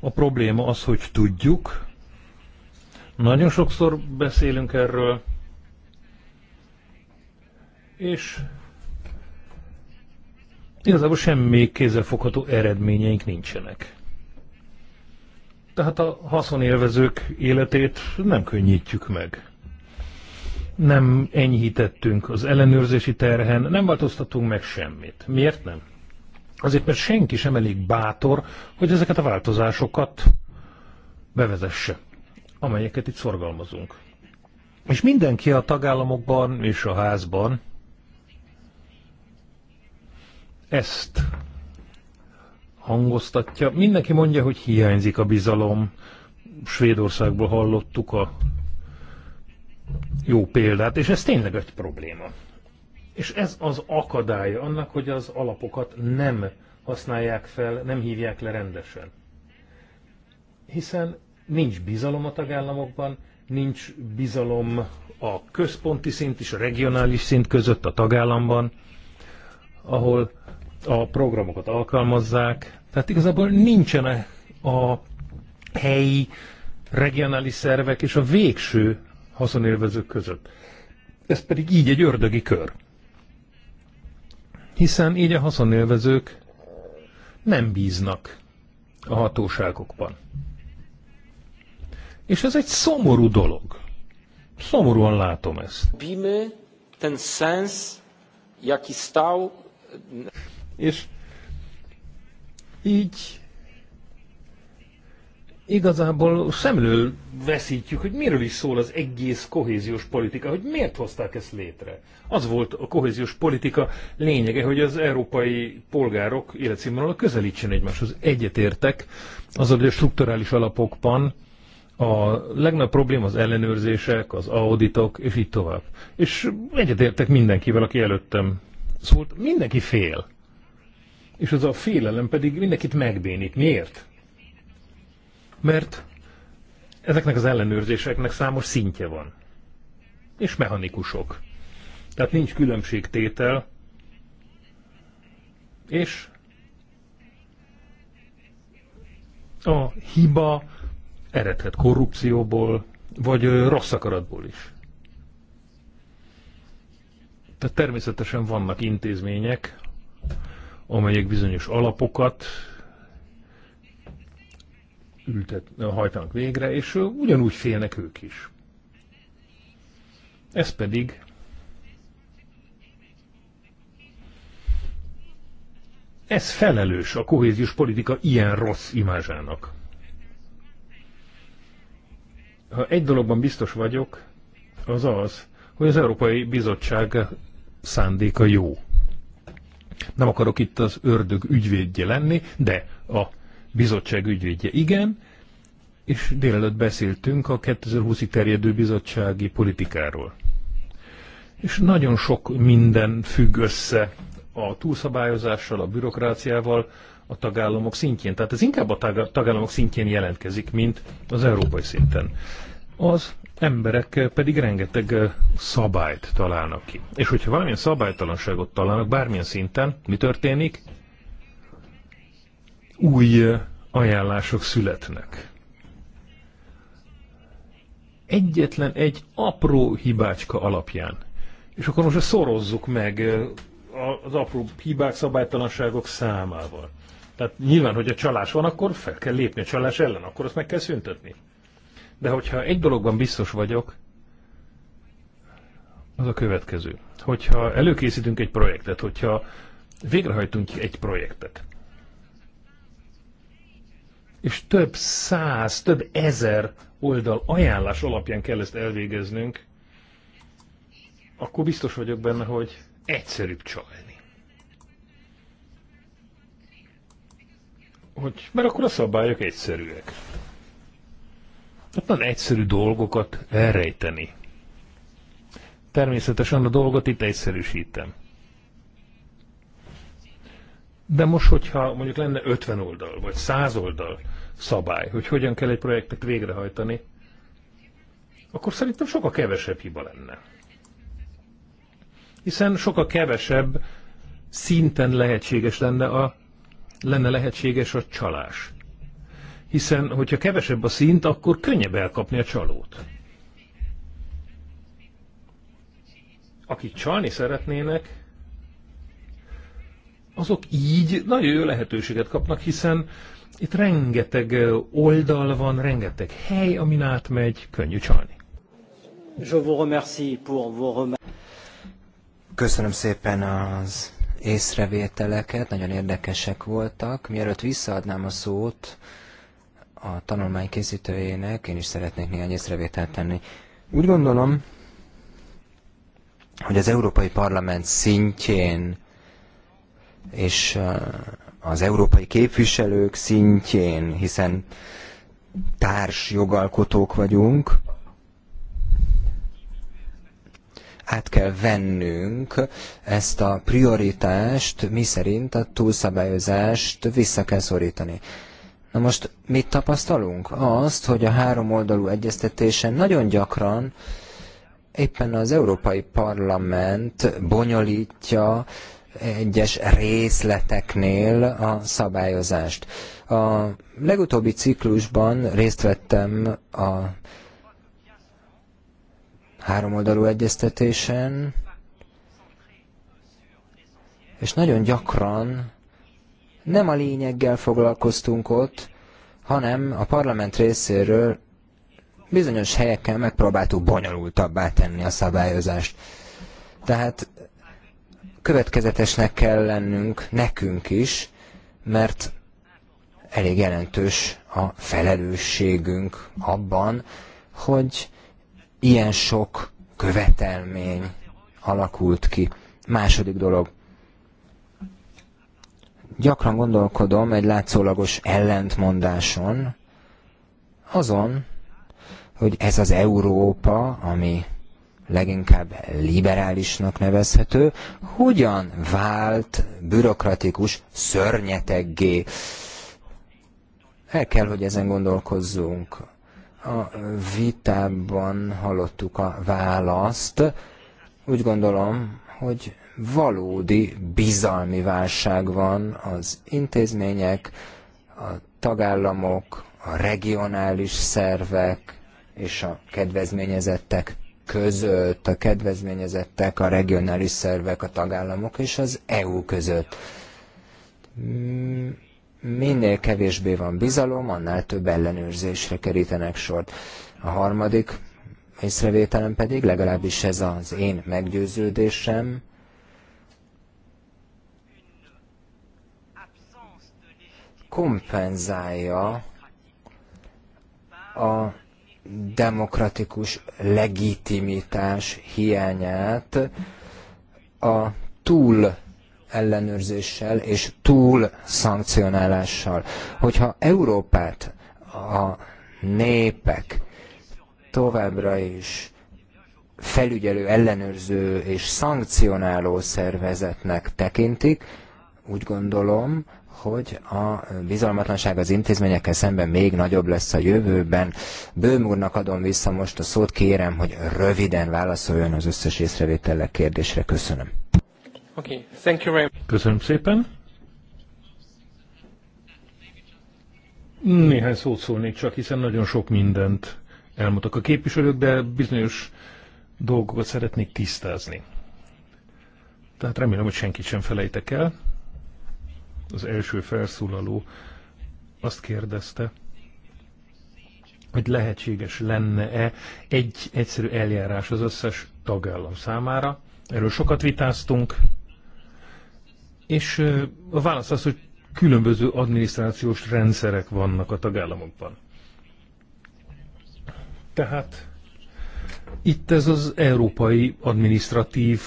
A probléma az, hogy tudjuk, nagyon sokszor beszélünk erről, és igazából semmi kézzelfogható eredményeink nincsenek. Tehát a haszonélvezők életét nem könnyítjük meg. Nem enyhítettünk az ellenőrzési terhen, nem változtatunk meg semmit. Miért nem? Azért, mert senki sem elég bátor, hogy ezeket a változásokat bevezesse, amelyeket itt szorgalmazunk. És mindenki a tagállamokban és a házban ezt hangoztatja. Mindenki mondja, hogy hiányzik a bizalom. Svédországból hallottuk a jó példát, és ez tényleg egy probléma. És ez az akadálya annak, hogy az alapokat nem használják fel, nem hívják le rendesen. Hiszen nincs bizalom a tagállamokban, nincs bizalom a központi szint és a regionális szint között a tagállamban, ahol a programokat alkalmazzák. Tehát igazából nincsenek a helyi, regionális szervek és a végső haszonélvezők között. Ez pedig így egy ördögi kör hiszen így a haszonélvezők nem bíznak a hatóságokban. És ez egy szomorú dolog. Szomorúan látom ezt. ten sens, jaki stał... És így igazából szemlől veszítjük, hogy miről is szól az egész kohéziós politika, hogy miért hozták ezt létre. Az volt a kohéziós politika lényege, hogy az európai polgárok életszínvonalak közelítsen egymáshoz. Egyetértek az, hogy a strukturális alapokban a legnagyobb probléma az ellenőrzések, az auditok, és így tovább. És egyetértek mindenkivel, aki előttem szólt. Mindenki fél. És az a félelem pedig mindenkit megbénít. Miért? mert ezeknek az ellenőrzéseknek számos szintje van. És mechanikusok. Tehát nincs különbségtétel, és a hiba eredhet korrupcióból, vagy rossz akaratból is. Tehát természetesen vannak intézmények, amelyek bizonyos alapokat ültet, hajtanak végre, és ugyanúgy félnek ők is. Ez pedig ez felelős a kohéziós politika ilyen rossz imázsának. Ha egy dologban biztos vagyok, az az, hogy az Európai Bizottság szándéka jó. Nem akarok itt az ördög ügyvédje lenni, de a bizottság ügyvédje. Igen, és délelőtt beszéltünk a 2020-ig terjedő bizottsági politikáról. És nagyon sok minden függ össze a túlszabályozással, a bürokráciával, a tagállamok szintjén. Tehát ez inkább a tagállamok szintjén jelentkezik, mint az európai szinten. Az emberek pedig rengeteg szabályt találnak ki. És hogyha valamilyen szabálytalanságot találnak bármilyen szinten, mi történik? új ajánlások születnek. Egyetlen egy apró hibácska alapján. És akkor most szorozzuk meg az apró hibák, szabálytalanságok számával. Tehát nyilván, hogy a csalás van, akkor fel kell lépni a csalás ellen, akkor azt meg kell szüntetni. De hogyha egy dologban biztos vagyok, az a következő. Hogyha előkészítünk egy projektet, hogyha végrehajtunk egy projektet, és több száz, több ezer oldal ajánlás alapján kell ezt elvégeznünk, akkor biztos vagyok benne, hogy egyszerűbb csalni. Hogy, mert akkor a szabályok egyszerűek. Hát nem egyszerű dolgokat elrejteni. Természetesen a dolgot itt egyszerűsítem. De most, hogyha mondjuk lenne 50 oldal, vagy 100 oldal szabály, hogy hogyan kell egy projektet végrehajtani, akkor szerintem sokkal kevesebb hiba lenne. Hiszen sokkal kevesebb szinten lehetséges lenne a lenne lehetséges a csalás. Hiszen, hogyha kevesebb a szint, akkor könnyebb elkapni a csalót. Akik csalni szeretnének, azok így nagyon jó lehetőséget kapnak, hiszen itt rengeteg oldal van, rengeteg hely, amin átmegy, könnyű csalni. Je vous remercie pour vos Köszönöm szépen az észrevételeket, nagyon érdekesek voltak. Mielőtt visszaadnám a szót a tanulmány készítőjének, én is szeretnék néhány észrevételt tenni. Úgy gondolom, hogy az Európai Parlament szintjén és eh, az európai képviselők szintjén, hiszen társ jogalkotók vagyunk, át kell vennünk ezt a prioritást, mi szerint a túlszabályozást vissza kell szorítani. Na most mit tapasztalunk? Azt, hogy a három oldalú egyeztetésen nagyon gyakran éppen az Európai Parlament bonyolítja, egyes részleteknél a szabályozást. A legutóbbi ciklusban részt vettem a háromoldalú egyeztetésen, és nagyon gyakran nem a lényeggel foglalkoztunk ott, hanem a parlament részéről bizonyos helyeken megpróbáltuk bonyolultabbá tenni a szabályozást. Tehát következetesnek kell lennünk nekünk is, mert elég jelentős a felelősségünk abban, hogy ilyen sok követelmény alakult ki. Második dolog. Gyakran gondolkodom egy látszólagos ellentmondáson, azon, hogy ez az Európa, ami leginkább liberálisnak nevezhető, hogyan vált bürokratikus szörnyeteggé. El kell, hogy ezen gondolkozzunk. A vitában hallottuk a választ. Úgy gondolom, hogy valódi bizalmi válság van az intézmények, a tagállamok, a regionális szervek és a kedvezményezettek között, a kedvezményezettek, a regionális szervek, a tagállamok és az EU között. Mm, minél kevésbé van bizalom, annál több ellenőrzésre kerítenek sort. A harmadik észrevételem pedig, legalábbis ez az én meggyőződésem, kompenzálja a demokratikus legitimitás hiányát a túl ellenőrzéssel és túl szankcionálással. Hogyha Európát a népek továbbra is felügyelő, ellenőrző és szankcionáló szervezetnek tekintik, úgy gondolom, hogy a bizalmatlanság az intézményekkel szemben még nagyobb lesz a jövőben. Bőm úrnak adom vissza most a szót, kérem, hogy röviden válaszoljon az összes észrevétellek kérdésre. Köszönöm. Okay, thank you very much. Köszönöm szépen. Néhány szót szólnék csak, hiszen nagyon sok mindent elmondtak a képviselők, de bizonyos dolgokat szeretnék tisztázni. Tehát remélem, hogy senkit sem felejtek el az első felszólaló azt kérdezte, hogy lehetséges lenne-e egy egyszerű eljárás az összes tagállam számára. Erről sokat vitáztunk, és a válasz az, hogy különböző adminisztrációs rendszerek vannak a tagállamokban. Tehát itt ez az európai adminisztratív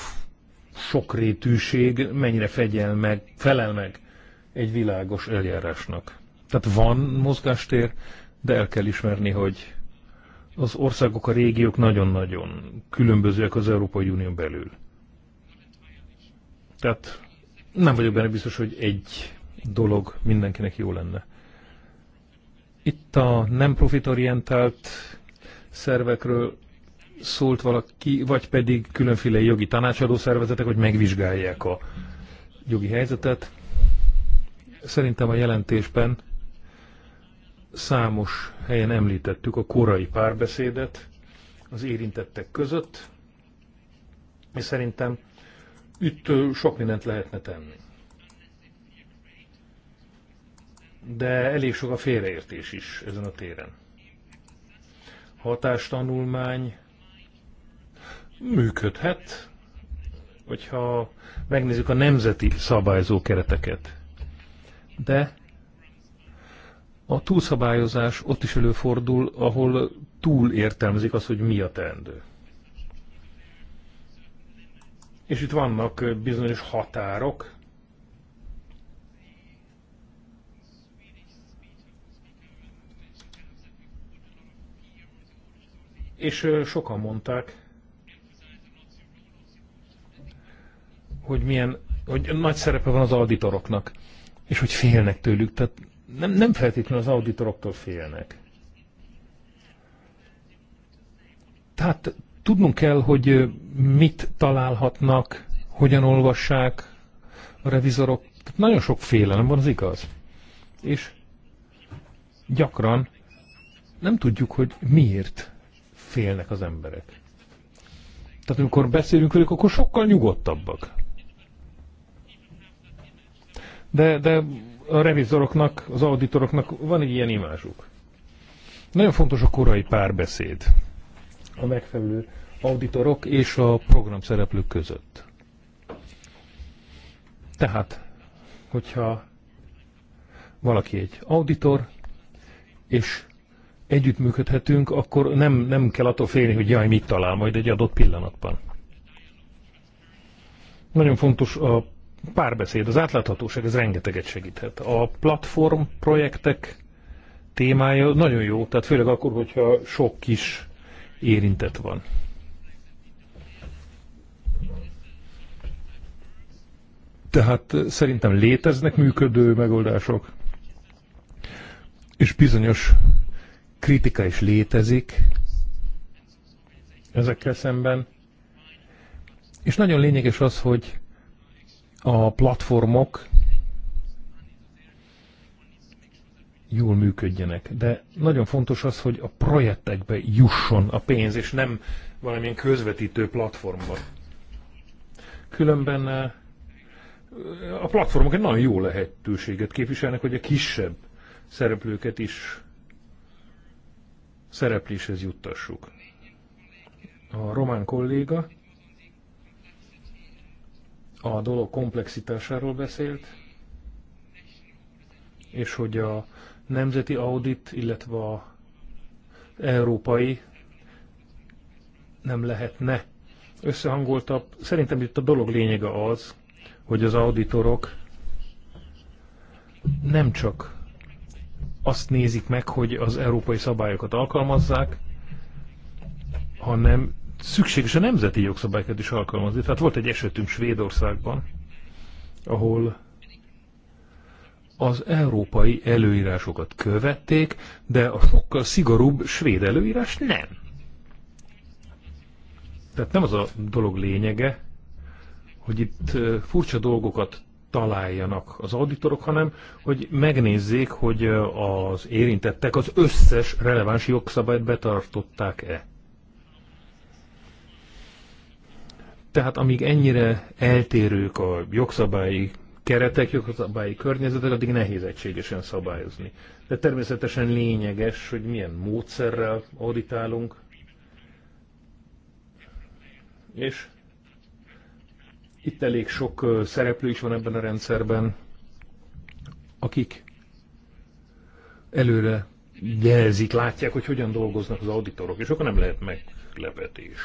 sokrétűség mennyire fegyel meg, felel meg egy világos eljárásnak. Tehát van mozgástér, de el kell ismerni, hogy az országok, a régiók nagyon-nagyon különbözőek az Európai Unión belül. Tehát nem vagyok benne biztos, hogy egy dolog mindenkinek jó lenne. Itt a nem profitorientált szervekről szólt valaki, vagy pedig különféle jogi tanácsadó szervezetek, hogy megvizsgálják a jogi helyzetet. Szerintem a jelentésben számos helyen említettük a korai párbeszédet az érintettek között, és szerintem itt sok mindent lehetne tenni. De elég sok a félreértés is ezen a téren. Hatástanulmány működhet, hogyha megnézzük a nemzeti szabályzó kereteket de a túlszabályozás ott is előfordul, ahol túl értelmezik az, hogy mi a teendő. És itt vannak bizonyos határok. És sokan mondták, hogy milyen, hogy nagy szerepe van az auditoroknak és hogy félnek tőlük. Tehát nem, nem feltétlenül az auditoroktól félnek. Tehát tudnunk kell, hogy mit találhatnak, hogyan olvassák a revizorok. Tehát nagyon sok félelem van, az igaz. És gyakran nem tudjuk, hogy miért félnek az emberek. Tehát amikor beszélünk velük, akkor sokkal nyugodtabbak de, de a revizoroknak, az auditoroknak van egy ilyen imázsuk. Nagyon fontos a korai párbeszéd a megfelelő auditorok és a program szereplők között. Tehát, hogyha valaki egy auditor, és együttműködhetünk, akkor nem, nem kell attól félni, hogy jaj, mit talál majd egy adott pillanatban. Nagyon fontos a párbeszéd, az átláthatóság, ez rengeteget segíthet. A platform projektek témája nagyon jó, tehát főleg akkor, hogyha sok kis érintett van. Tehát eh, szerintem léteznek működő megoldások, és bizonyos kritika is létezik ezekkel szemben. És nagyon lényeges az, hogy a platformok jól működjenek. De nagyon fontos az, hogy a projektekbe jusson a pénz, és nem valamilyen közvetítő platformba. Különben eh, a platformok egy nagyon jó lehetőséget képviselnek, hogy a kisebb szereplőket is szerepléshez juttassuk. A román kolléga a dolog komplexitásáról beszélt, és hogy a nemzeti audit, illetve a európai nem lehetne összehangoltabb. Szerintem itt a dolog lényege az, hogy az auditorok nem csak azt nézik meg, hogy az európai szabályokat alkalmazzák, hanem szükséges a nemzeti jogszabályokat is alkalmazni. Tehát volt egy esetünk Svédországban, ahol az európai előírásokat követték, de a sokkal szigorúbb svéd előírás nem. Tehát nem az a dolog lényege, hogy itt furcsa dolgokat találjanak az auditorok, hanem hogy megnézzék, hogy az érintettek az összes releváns jogszabályt betartották-e. Tehát amíg ennyire eltérők a jogszabályi keretek, jogszabályi környezetek, addig nehéz egységesen szabályozni. De természetesen lényeges, hogy milyen módszerrel auditálunk, és itt elég sok szereplő is van ebben a rendszerben, akik előre jelzik, látják, hogy hogyan dolgoznak az auditorok, és akkor nem lehet meglepetés.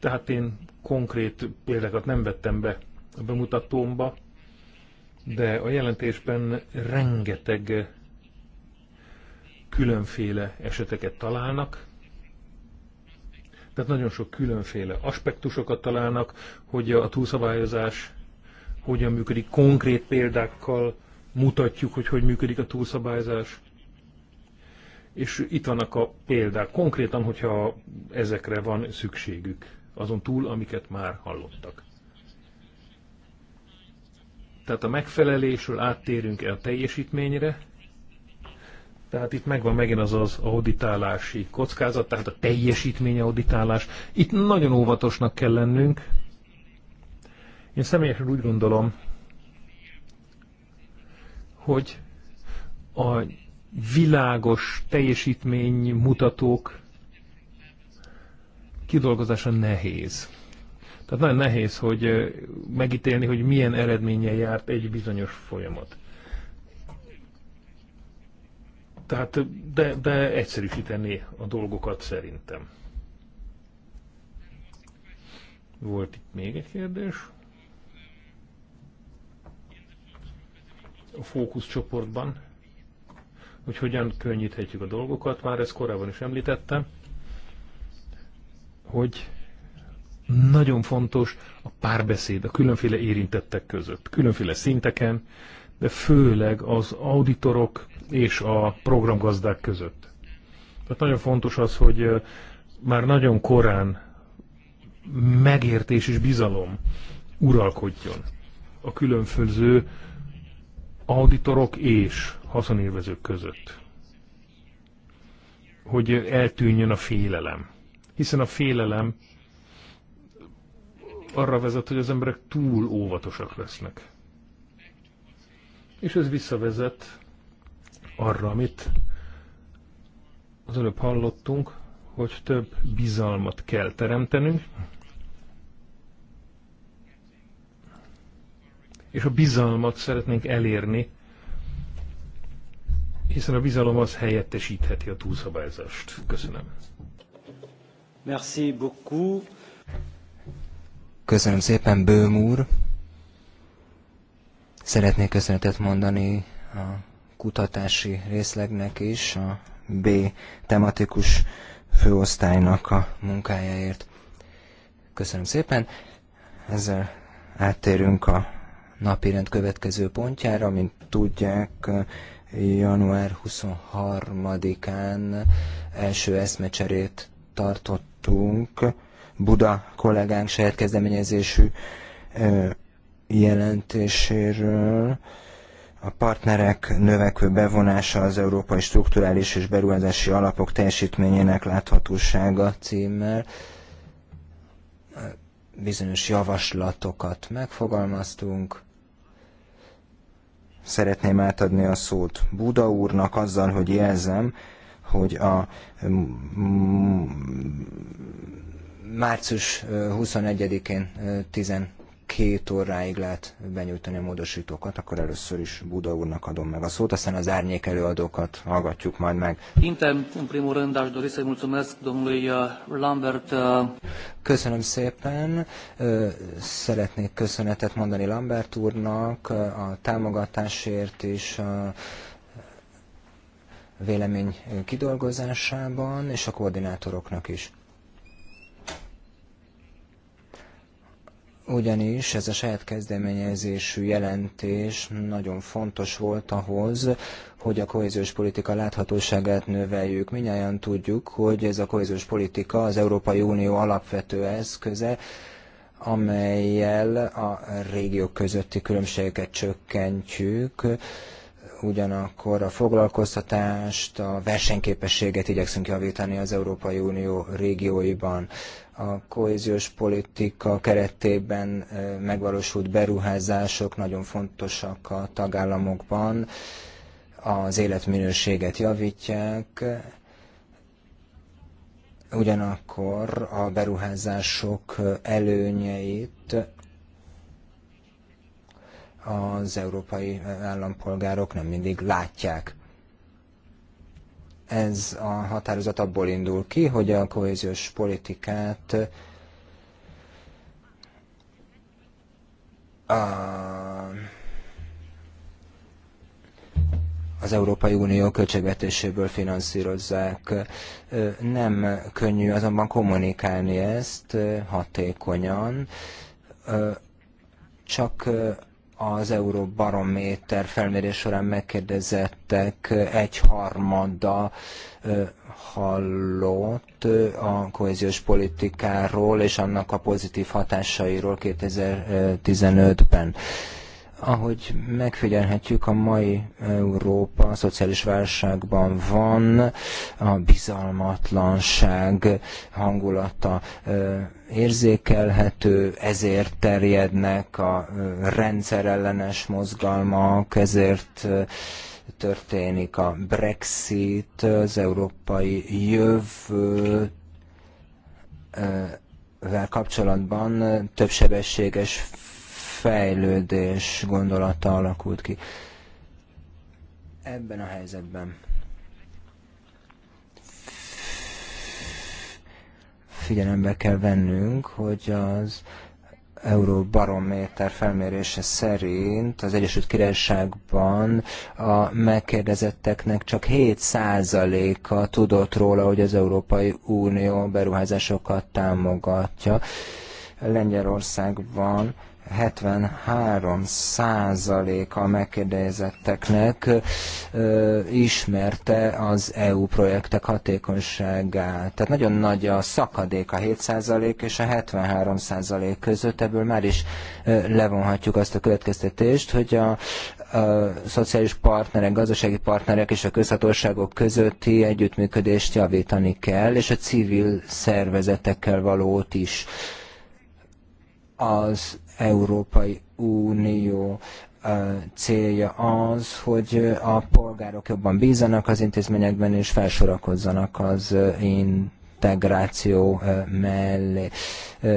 Tehát én konkrét példákat nem vettem be a bemutatómba, de a jelentésben rengeteg különféle eseteket találnak, tehát nagyon sok különféle aspektusokat találnak, hogy a túlszabályozás hogyan működik, konkrét példákkal mutatjuk, hogy hogy működik a túlszabályozás. És itt vannak a példák, konkrétan, hogyha ezekre van szükségük azon túl, amiket már hallottak. Tehát a megfelelésről áttérünk el a teljesítményre, tehát itt megvan megint az az auditálási kockázat, tehát a teljesítmény auditálás. Itt nagyon óvatosnak kell lennünk. Én személyesen úgy gondolom, hogy a világos teljesítmény mutatók kidolgozása nehéz. Tehát nagyon nehéz, hogy megítélni, hogy milyen eredménye járt egy bizonyos folyamat. Tehát, de, de egyszerűsíteni a dolgokat szerintem. Volt itt még egy kérdés. A fókuszcsoportban, hogy hogyan könnyíthetjük a dolgokat, már ezt korábban is említettem hogy nagyon fontos a párbeszéd a különféle érintettek között, különféle szinteken, de főleg az auditorok és a programgazdák között. Tehát nagyon fontos az, hogy már nagyon korán megértés és bizalom uralkodjon a különböző auditorok és haszonélvezők között. Hogy eltűnjön a félelem hiszen a félelem arra vezet, hogy az emberek túl óvatosak lesznek. És ez visszavezet arra, amit az előbb hallottunk, hogy több bizalmat kell teremtenünk, és a bizalmat szeretnénk elérni, hiszen a bizalom az helyettesítheti a túlszabályzást. Köszönöm. Merci beaucoup. Köszönöm szépen, Bőm úr. Szeretnék köszönetet mondani a kutatási részlegnek is, a B tematikus főosztálynak a munkájáért. Köszönöm szépen. Ezzel áttérünk a napirend következő pontjára, mint tudják, január 23-án első eszmecserét tartottunk. Buda kollégánk saját kezdeményezésű jelentéséről. A partnerek növekvő bevonása az Európai Strukturális és Beruházási Alapok teljesítményének láthatósága címmel bizonyos javaslatokat megfogalmaztunk. Szeretném átadni a szót Buda úrnak azzal, hogy jelzem, hogy a március 21-én 12 óráig lehet benyújtani a módosítókat, akkor először is Buda úrnak adom meg a szót, aztán az árnyék előadókat hallgatjuk majd meg. Köszönöm szépen, szeretnék köszönetet mondani Lambert úrnak a támogatásért és a vélemény kidolgozásában, és a koordinátoroknak is. ugyanis ez a saját kezdeményezésű jelentés nagyon fontos volt ahhoz, hogy a kohéziós politika láthatóságát növeljük. Minnyáján tudjuk, hogy ez a kohéziós politika az Európai Unió alapvető eszköze, amelyel a régiók közötti különbségeket csökkentjük, ugyanakkor a foglalkoztatást, a versenyképességet igyekszünk javítani az Európai Unió régióiban. A kohéziós politika keretében eh, megvalósult beruházások nagyon fontosak a tagállamokban, az életminőséget javítják, ugyanakkor a beruházások előnyeit az európai állampolgárok nem mindig látják. Ez a határozat abból indul ki, hogy a kohéziós politikát a az Európai Unió költségvetéséből finanszírozzák. Nem könnyű azonban kommunikálni ezt hatékonyan, csak az Euróbarométer felmérés során megkérdezettek egyharmada hallott a kohéziós politikáról és annak a pozitív hatásairól 2015-ben ahogy megfigyelhetjük, a mai Európa a szociális válságban van, a bizalmatlanság hangulata érzékelhető, ezért terjednek a rendszerellenes mozgalmak, ezért történik a Brexit, az európai jövő kapcsolatban többsebességes fejlődés gondolata alakult ki. Ebben a helyzetben figyelembe kell vennünk, hogy az Euróbarométer felmérése szerint az Egyesült Királyságban a megkérdezetteknek csak 7%-a tudott róla, hogy az Európai Unió beruházásokat támogatja. Lengyelországban 73 százalék a megkérdezetteknek ismerte az EU projektek hatékonyságát. Tehát nagyon nagy a szakadék a 7 százalék és a 73 százalék között. Ebből már is levonhatjuk azt a következtetést, hogy a, a szociális partnerek, gazdasági partnerek és a közhatóságok közötti együttműködést javítani kell, és a civil szervezetekkel valót is az Európai Unió célja az, hogy a polgárok jobban bízanak az intézményekben és felsorakozzanak az integráció mellé.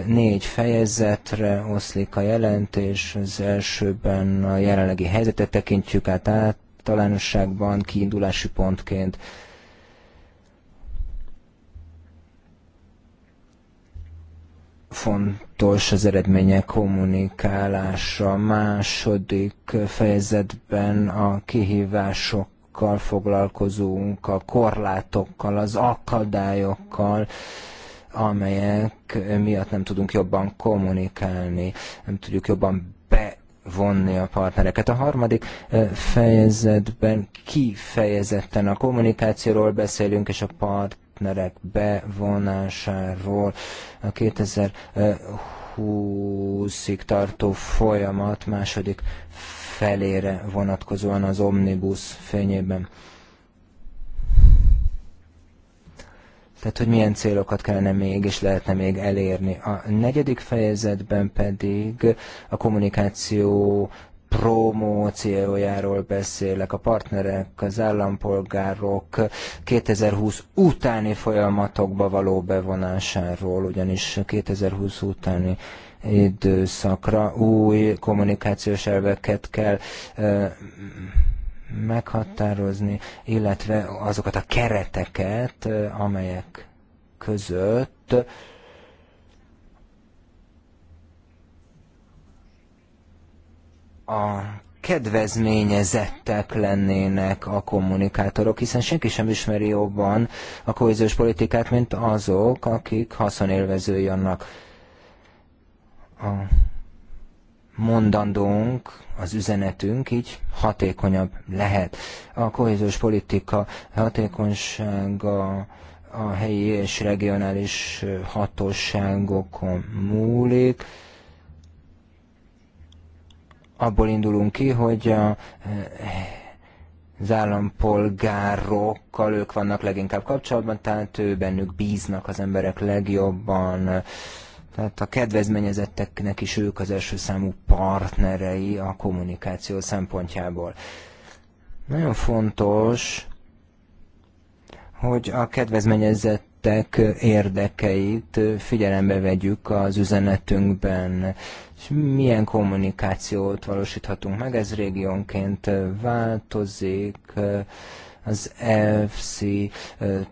Négy fejezetre oszlik a jelentés, az elsőben a jelenlegi helyzetet tekintjük át általánosságban kiindulási pontként fontos az eredmények kommunikálása. Második fejezetben a kihívásokkal foglalkozunk, a korlátokkal, az akadályokkal, amelyek miatt nem tudunk jobban kommunikálni, nem tudjuk jobban bevonni a partnereket. A harmadik fejezetben kifejezetten a kommunikációról beszélünk, és a part partnerek bevonásáról. A 2020-ig tartó folyamat második felére vonatkozóan az omnibus fényében. Tehát, hogy milyen célokat kellene még és lehetne még elérni. A negyedik fejezetben pedig a kommunikáció promóciójáról beszélek, a partnerek, az állampolgárok 2020 utáni folyamatokba való bevonásáról, ugyanis 2020 utáni időszakra új kommunikációs elveket kell meghatározni, illetve azokat a kereteket, amelyek között a kedvezményezettek lennének a kommunikátorok, hiszen senki sem ismeri jobban a kohéziós politikát, mint azok, akik haszonélvezői annak. A mondandónk, az üzenetünk így hatékonyabb lehet. A kohéziós politika hatékonysága a helyi és regionális hatóságokon múlik, abból indulunk ki, hogy a, eh, az állampolgárokkal ők vannak leginkább kapcsolatban, tehát ő bennük bíznak az emberek legjobban, tehát a kedvezményezetteknek is ők az első számú partnerei a kommunikáció szempontjából. Nagyon fontos, hogy a kedvezményezettek érdekeit figyelembe vegyük az üzenetünkben és milyen kommunikációt valósíthatunk meg, ez régiónként változik, az FC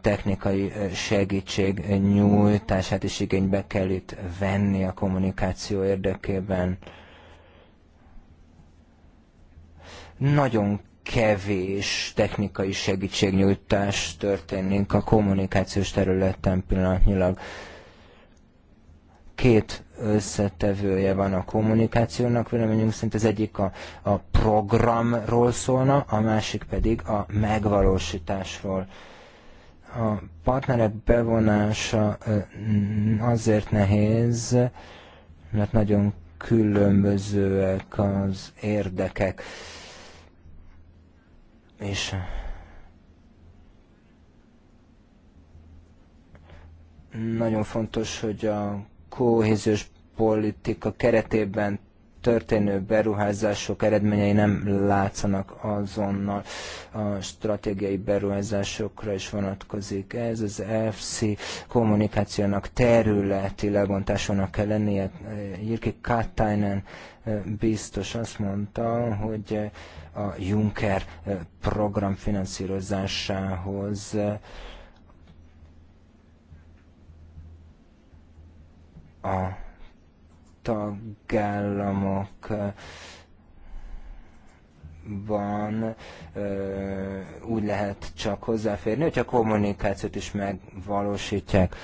technikai segítség nyújtását is igénybe kell itt venni a kommunikáció érdekében. Nagyon kevés technikai segítségnyújtás történik a kommunikációs területen pillanatnyilag két összetevője van a kommunikációnak, véleményünk szerint az egyik a, a programról szólna, a másik pedig a megvalósításról. A partnerek bevonása azért nehéz, mert nagyon különbözőek az érdekek. És nagyon fontos, hogy a kohéziós politika keretében történő beruházások eredményei nem látszanak azonnal. A stratégiai beruházásokra is vonatkozik ez. Az FC kommunikációnak területi lebontásának kell lennie. Jirki Kattainen eh, biztos azt mondta, hogy eh, a Juncker eh, program finanszírozásához a van, úgy lehet csak hozzáférni, hogyha kommunikációt is megvalósítják.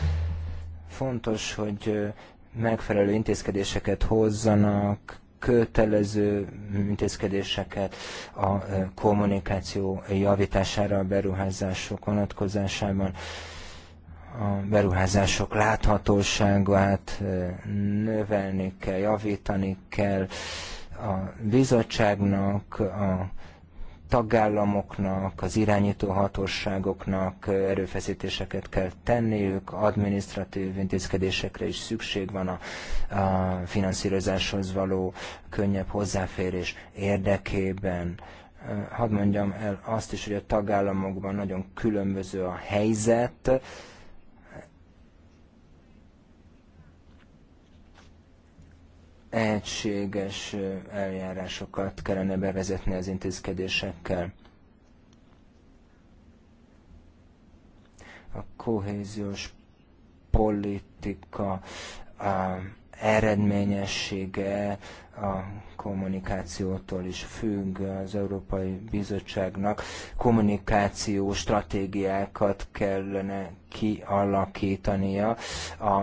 Fontos, hogy megfelelő intézkedéseket hozzanak, kötelező intézkedéseket a kommunikáció javítására a beruházások vonatkozásában a beruházások láthatóságát eh, növelni kell, javítani kell a bizottságnak, a tagállamoknak, az irányító hatóságoknak eh, erőfeszítéseket kell tenniük, adminisztratív intézkedésekre is szükség van a, a finanszírozáshoz való könnyebb hozzáférés érdekében. Eh, hadd mondjam el azt is, hogy a tagállamokban nagyon különböző a helyzet, egységes eljárásokat kellene bevezetni az intézkedésekkel. A kohéziós politika a eredményessége a kommunikációtól is függ az Európai Bizottságnak. Kommunikáció stratégiákat kellene kialakítania a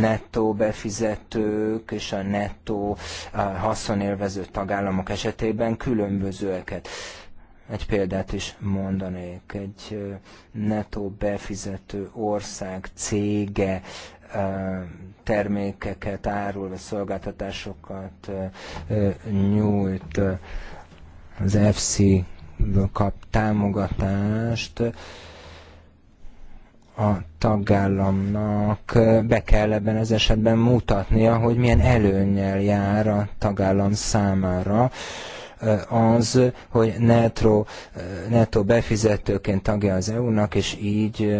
nettó befizetők és a nettó eh, haszonélvező tagállamok esetében különbözőeket. Egy példát is mondanék. Egy eh, nettó befizető ország cége eh, termékeket árul, vagy szolgáltatásokat nyújt az FC kap támogatást, a tagállamnak be kell ebben az esetben mutatnia, hogy milyen előnyel jár a tagállam számára az, hogy netto, befizetőként tagja az EU-nak, és így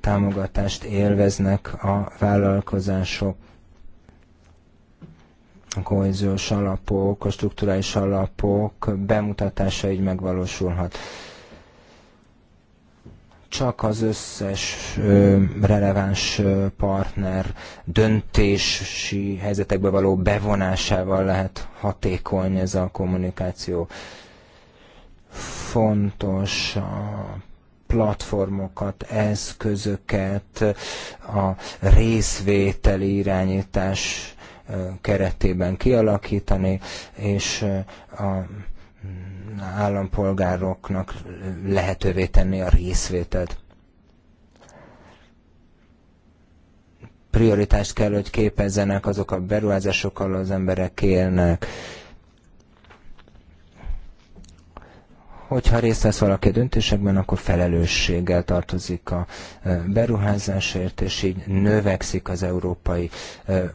támogatást élveznek a vállalkozások a kohéziós alapok, a strukturális alapok bemutatása így megvalósulhat csak az összes releváns partner döntési helyzetekbe való bevonásával lehet hatékony ez a kommunikáció. Fontos a platformokat, eszközöket a részvételi irányítás keretében kialakítani, és a állampolgároknak lehetővé tenni a részvételt. Prioritást kell, hogy képezzenek azok a beruházásokkal az emberek élnek. hogyha részt vesz valaki a döntésekben, akkor felelősséggel tartozik a beruházásért, és így növekszik az európai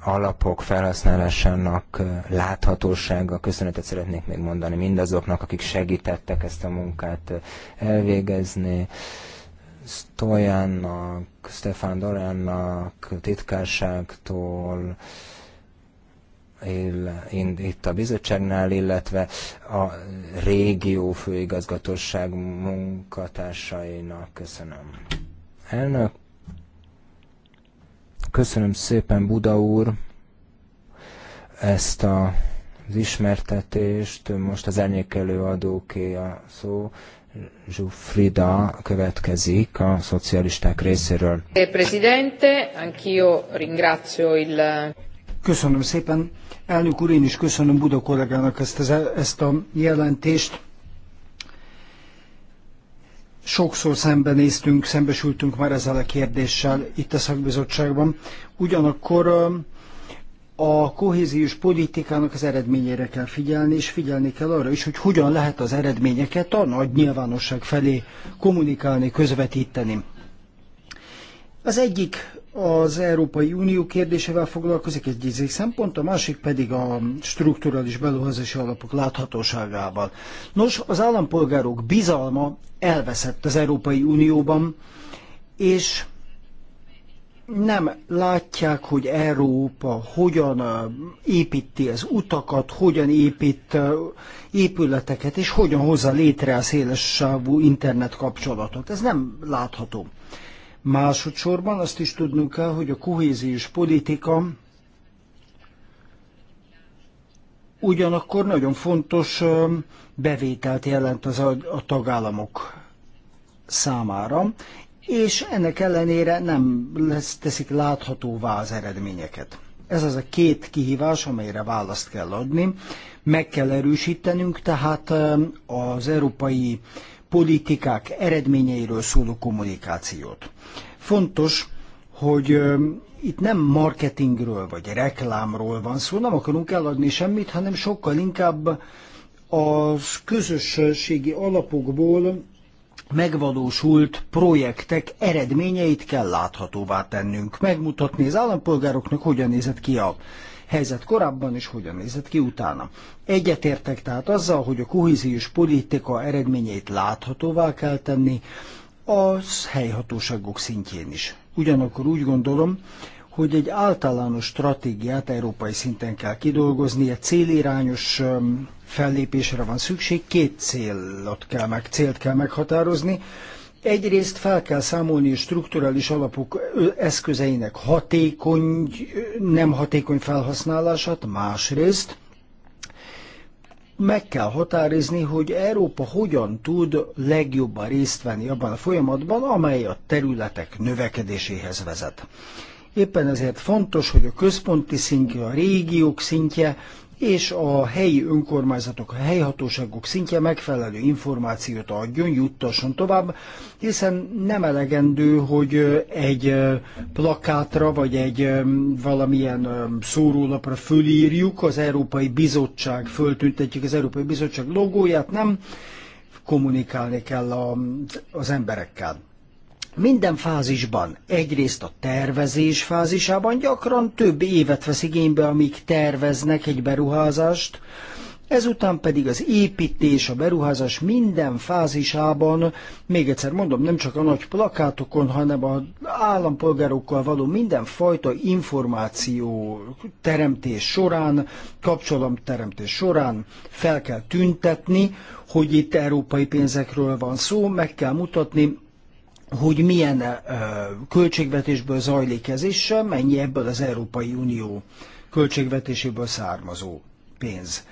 alapok felhasználásának láthatósága. Köszönetet szeretnék még mondani mindazoknak, akik segítettek ezt a munkát elvégezni. Stojannak, Stefan Doránnak, titkárságtól, itt a bizottságnál, illetve a régió főigazgatóság munkatársainak. Köszönöm. Elnök, köszönöm szépen Buda úr ezt a, az ismertetést. Most az elnyékelő adóké a szó. Zsufrida következik a szocialisták részéről. Presidente, anch'io ringrazio il... Köszönöm szépen. Elnök úr, én is köszönöm Buda kollégának ezt, e- ezt a jelentést. Sokszor szembenéztünk, szembesültünk már ezzel a kérdéssel itt a szakbizottságban. Ugyanakkor a kohéziós politikának az eredményére kell figyelni, és figyelni kell arra is, hogy hogyan lehet az eredményeket a nagy nyilvánosság felé kommunikálni, közvetíteni. Az egyik az Európai Unió kérdésével foglalkozik egy ízik szempont, a másik pedig a strukturális beruházási alapok láthatóságával. Nos, az állampolgárok bizalma elveszett az Európai Unióban, és nem látják, hogy Európa hogyan építi az utakat, hogyan épít épületeket, és hogyan hozza létre a széles sávú internet kapcsolatot. Ez nem látható. Másodszorban azt is tudnunk kell, hogy a kohéziós politika ugyanakkor nagyon fontos bevételt jelent az a tagállamok számára, és ennek ellenére nem lesz, teszik láthatóvá az eredményeket. Ez az a két kihívás, amelyre választ kell adni. Meg kell erősítenünk tehát az európai politikák eredményeiről szóló kommunikációt. Fontos, hogy itt nem marketingről vagy reklámról van szó, nem akarunk eladni semmit, hanem sokkal inkább a közösségi alapokból megvalósult projektek eredményeit kell láthatóvá tennünk, megmutatni az állampolgároknak, hogyan nézett ki a helyzet korábban, és hogyan nézett ki utána. Egyetértek tehát azzal, hogy a kohéziós politika eredményeit láthatóvá kell tenni, az helyhatóságok szintjén is. Ugyanakkor úgy gondolom, hogy egy általános stratégiát európai szinten kell kidolgozni, egy célirányos fellépésre van szükség, két célot kell meg, célt kell meghatározni. Egyrészt fel kell számolni a strukturális alapok eszközeinek hatékony, nem hatékony felhasználását, másrészt meg kell határozni, hogy Európa hogyan tud legjobban részt venni abban a folyamatban, amely a területek növekedéséhez vezet. Éppen ezért fontos, hogy a központi szintje, a régiók szintje és a helyi önkormányzatok, a helyi hatóságok szintje megfelelő információt adjon, juttasson tovább, hiszen nem elegendő, hogy egy plakátra vagy egy valamilyen szórólapra fölírjuk az Európai Bizottság, föltüntetjük az Európai Bizottság logóját, nem kommunikálni kell az emberekkel. Minden fázisban, egyrészt a tervezés fázisában gyakran több évet vesz igénybe, amíg terveznek egy beruházást, ezután pedig az építés, a beruházás minden fázisában, még egyszer mondom, nem csak a nagy plakátokon, hanem az állampolgárokkal való mindenfajta információ teremtés során, kapcsolatteremtés során fel kell tüntetni, hogy itt európai pénzekről van szó, meg kell mutatni, hogy milyen költségvetésből zajlik ez, és mennyi ebből az Európai Unió költségvetéséből származó pénz.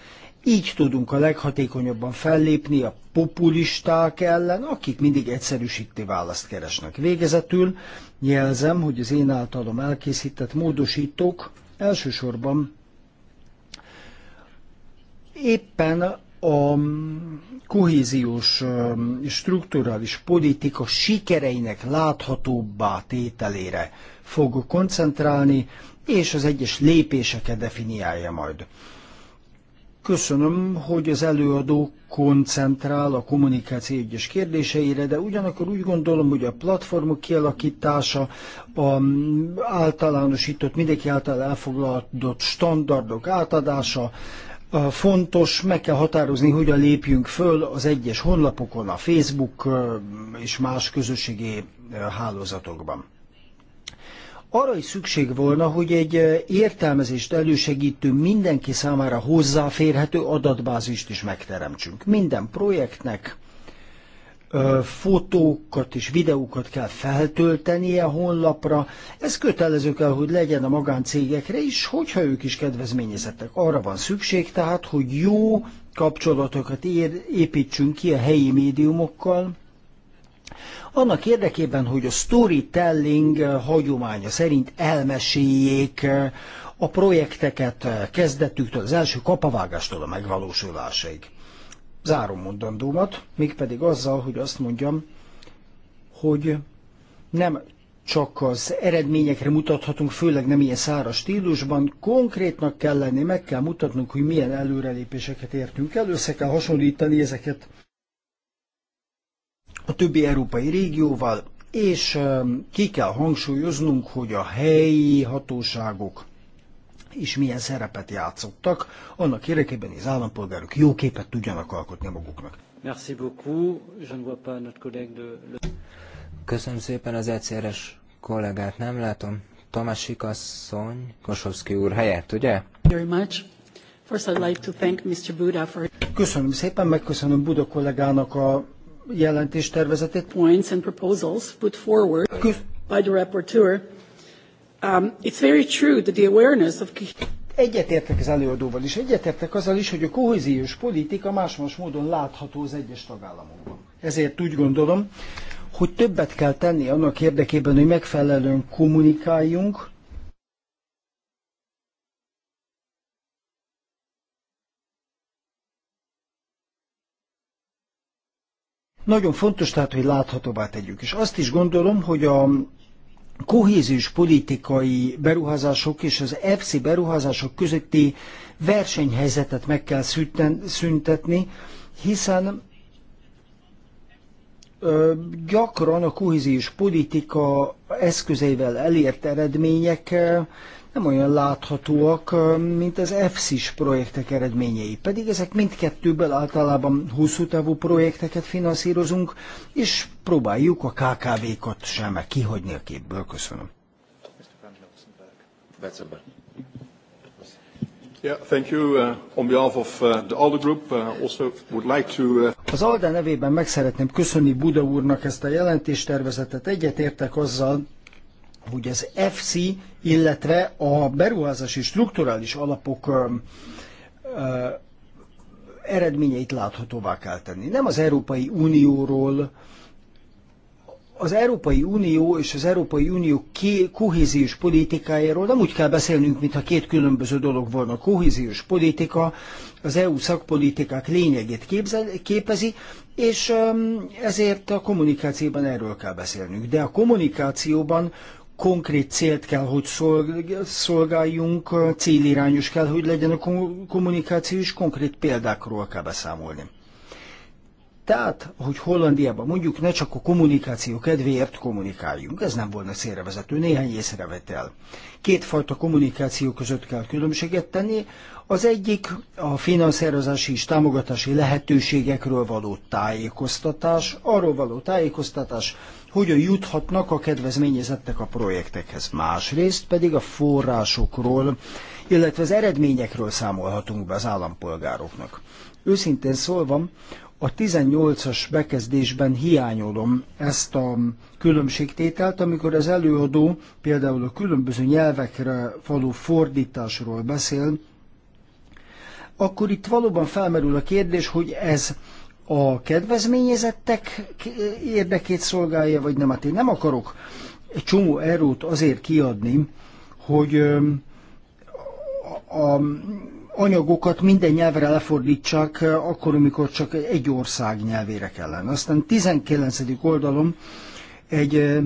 Így tudunk a leghatékonyabban fellépni a populisták ellen, akik mindig egyszerűsíti választ keresnek. Végezetül jelzem, hogy az én általam elkészített módosítók elsősorban éppen a kohéziós strukturális politika sikereinek láthatóbbá tételére fog koncentrálni, és az egyes lépéseket definiálja majd. Köszönöm, hogy az előadó koncentrál a kommunikáció egyes kérdéseire, de ugyanakkor úgy gondolom, hogy a platformok kialakítása, a általánosított, mindenki által elfoglaltott standardok átadása, fontos, meg kell határozni, hogyan lépjünk föl az egyes honlapokon, a Facebook és más közösségi hálózatokban. Arra is szükség volna, hogy egy értelmezést elősegítő, mindenki számára hozzáférhető adatbázist is megteremtsünk. Minden projektnek fotókat és videókat kell feltöltenie a honlapra. Ez kötelező kell, hogy legyen a magáncégekre is, hogyha ők is kedvezményezettek. Arra van szükség tehát, hogy jó kapcsolatokat ér, építsünk ki a helyi médiumokkal, annak érdekében, hogy a storytelling hagyománya szerint elmeséljék a projekteket kezdetüktől, az első kapavágástól a megvalósulásig zárom mondandómat, mégpedig azzal, hogy azt mondjam, hogy nem csak az eredményekre mutathatunk, főleg nem ilyen száraz stílusban, konkrétnak kell lenni, meg kell mutatnunk, hogy milyen előrelépéseket értünk el, össze kell hasonlítani ezeket a többi európai régióval, és um, ki kell hangsúlyoznunk, hogy a helyi hatóságok és milyen szerepet játszottak, annak érdekében, hogy az állampolgárok jó képet tudjanak alkotni maguknak. Merci beaucoup. Je ne vois pas notre collègue de... Köszönöm szépen az egyszeres kollégát, nem látom. Tomasik asszony, Kosovszki úr helyett, ugye? Very much. First I'd like to thank Mr. Buda for... Köszönöm szépen, megköszönöm Buda kollégának a jelentéstervezetét. Points and proposals put forward by the rapporteur. Um, it's very true that the awareness of Egyetértek az előadóval is, egyetértek azzal is, hogy a kohéziós politika más-más módon látható az egyes tagállamokban. Ezért úgy gondolom, hogy többet kell tenni annak érdekében, hogy megfelelően kommunikáljunk, Nagyon fontos tehát, hogy láthatóvá tegyük. És azt is gondolom, hogy a kohéziós politikai beruházások és az EFSI beruházások közötti versenyhelyzetet meg kell szüntetni, hiszen gyakran a kohéziós politika eszközeivel elért eredmények nem olyan láthatóak, mint az EFSIS projektek eredményei. Pedig ezek mindkettőből általában hosszú távú projekteket finanszírozunk, és próbáljuk a KKV-kat sem kihagyni a képből. Köszönöm. Az ALDE nevében meg szeretném köszönni Buda úrnak ezt a jelentéstervezetet. Egyetértek azzal, hogy az FC, illetve a beruházási strukturális alapok ö, ö, eredményeit láthatóvá kell tenni. Nem az Európai Unióról, az Európai Unió és az Európai Unió kohéziós politikájáról nem úgy kell beszélnünk, mintha két különböző dolog volna. A kohéziós politika az EU szakpolitikák lényegét képzel, képezi, és ezért a kommunikációban erről kell beszélnünk. De a kommunikációban konkrét célt kell, hogy szolgáljunk, célirányos kell, hogy legyen a kommunikáció, és konkrét példákról kell beszámolni. Tehát, hogy Hollandiában mondjuk ne csak a kommunikáció kedvéért kommunikáljunk, ez nem volna szélrevezető, néhány észrevetel. Kétfajta kommunikáció között kell különbséget tenni. Az egyik a finanszírozási és támogatási lehetőségekről való tájékoztatás, arról való tájékoztatás, hogyan juthatnak a kedvezményezettek a projektekhez. Másrészt pedig a forrásokról, illetve az eredményekről számolhatunk be az állampolgároknak. Őszintén szólva, a 18-as bekezdésben hiányolom ezt a különbségtételt, amikor az előadó például a különböző nyelvekre való fordításról beszél, akkor itt valóban felmerül a kérdés, hogy ez a kedvezményezettek érdekét szolgálja, vagy nem. Hát én nem akarok egy csomó erőt azért kiadni, hogy a, a anyagokat minden nyelvre lefordítsák, eh, akkor, amikor csak egy ország nyelvére kellene. Aztán 19. oldalon egy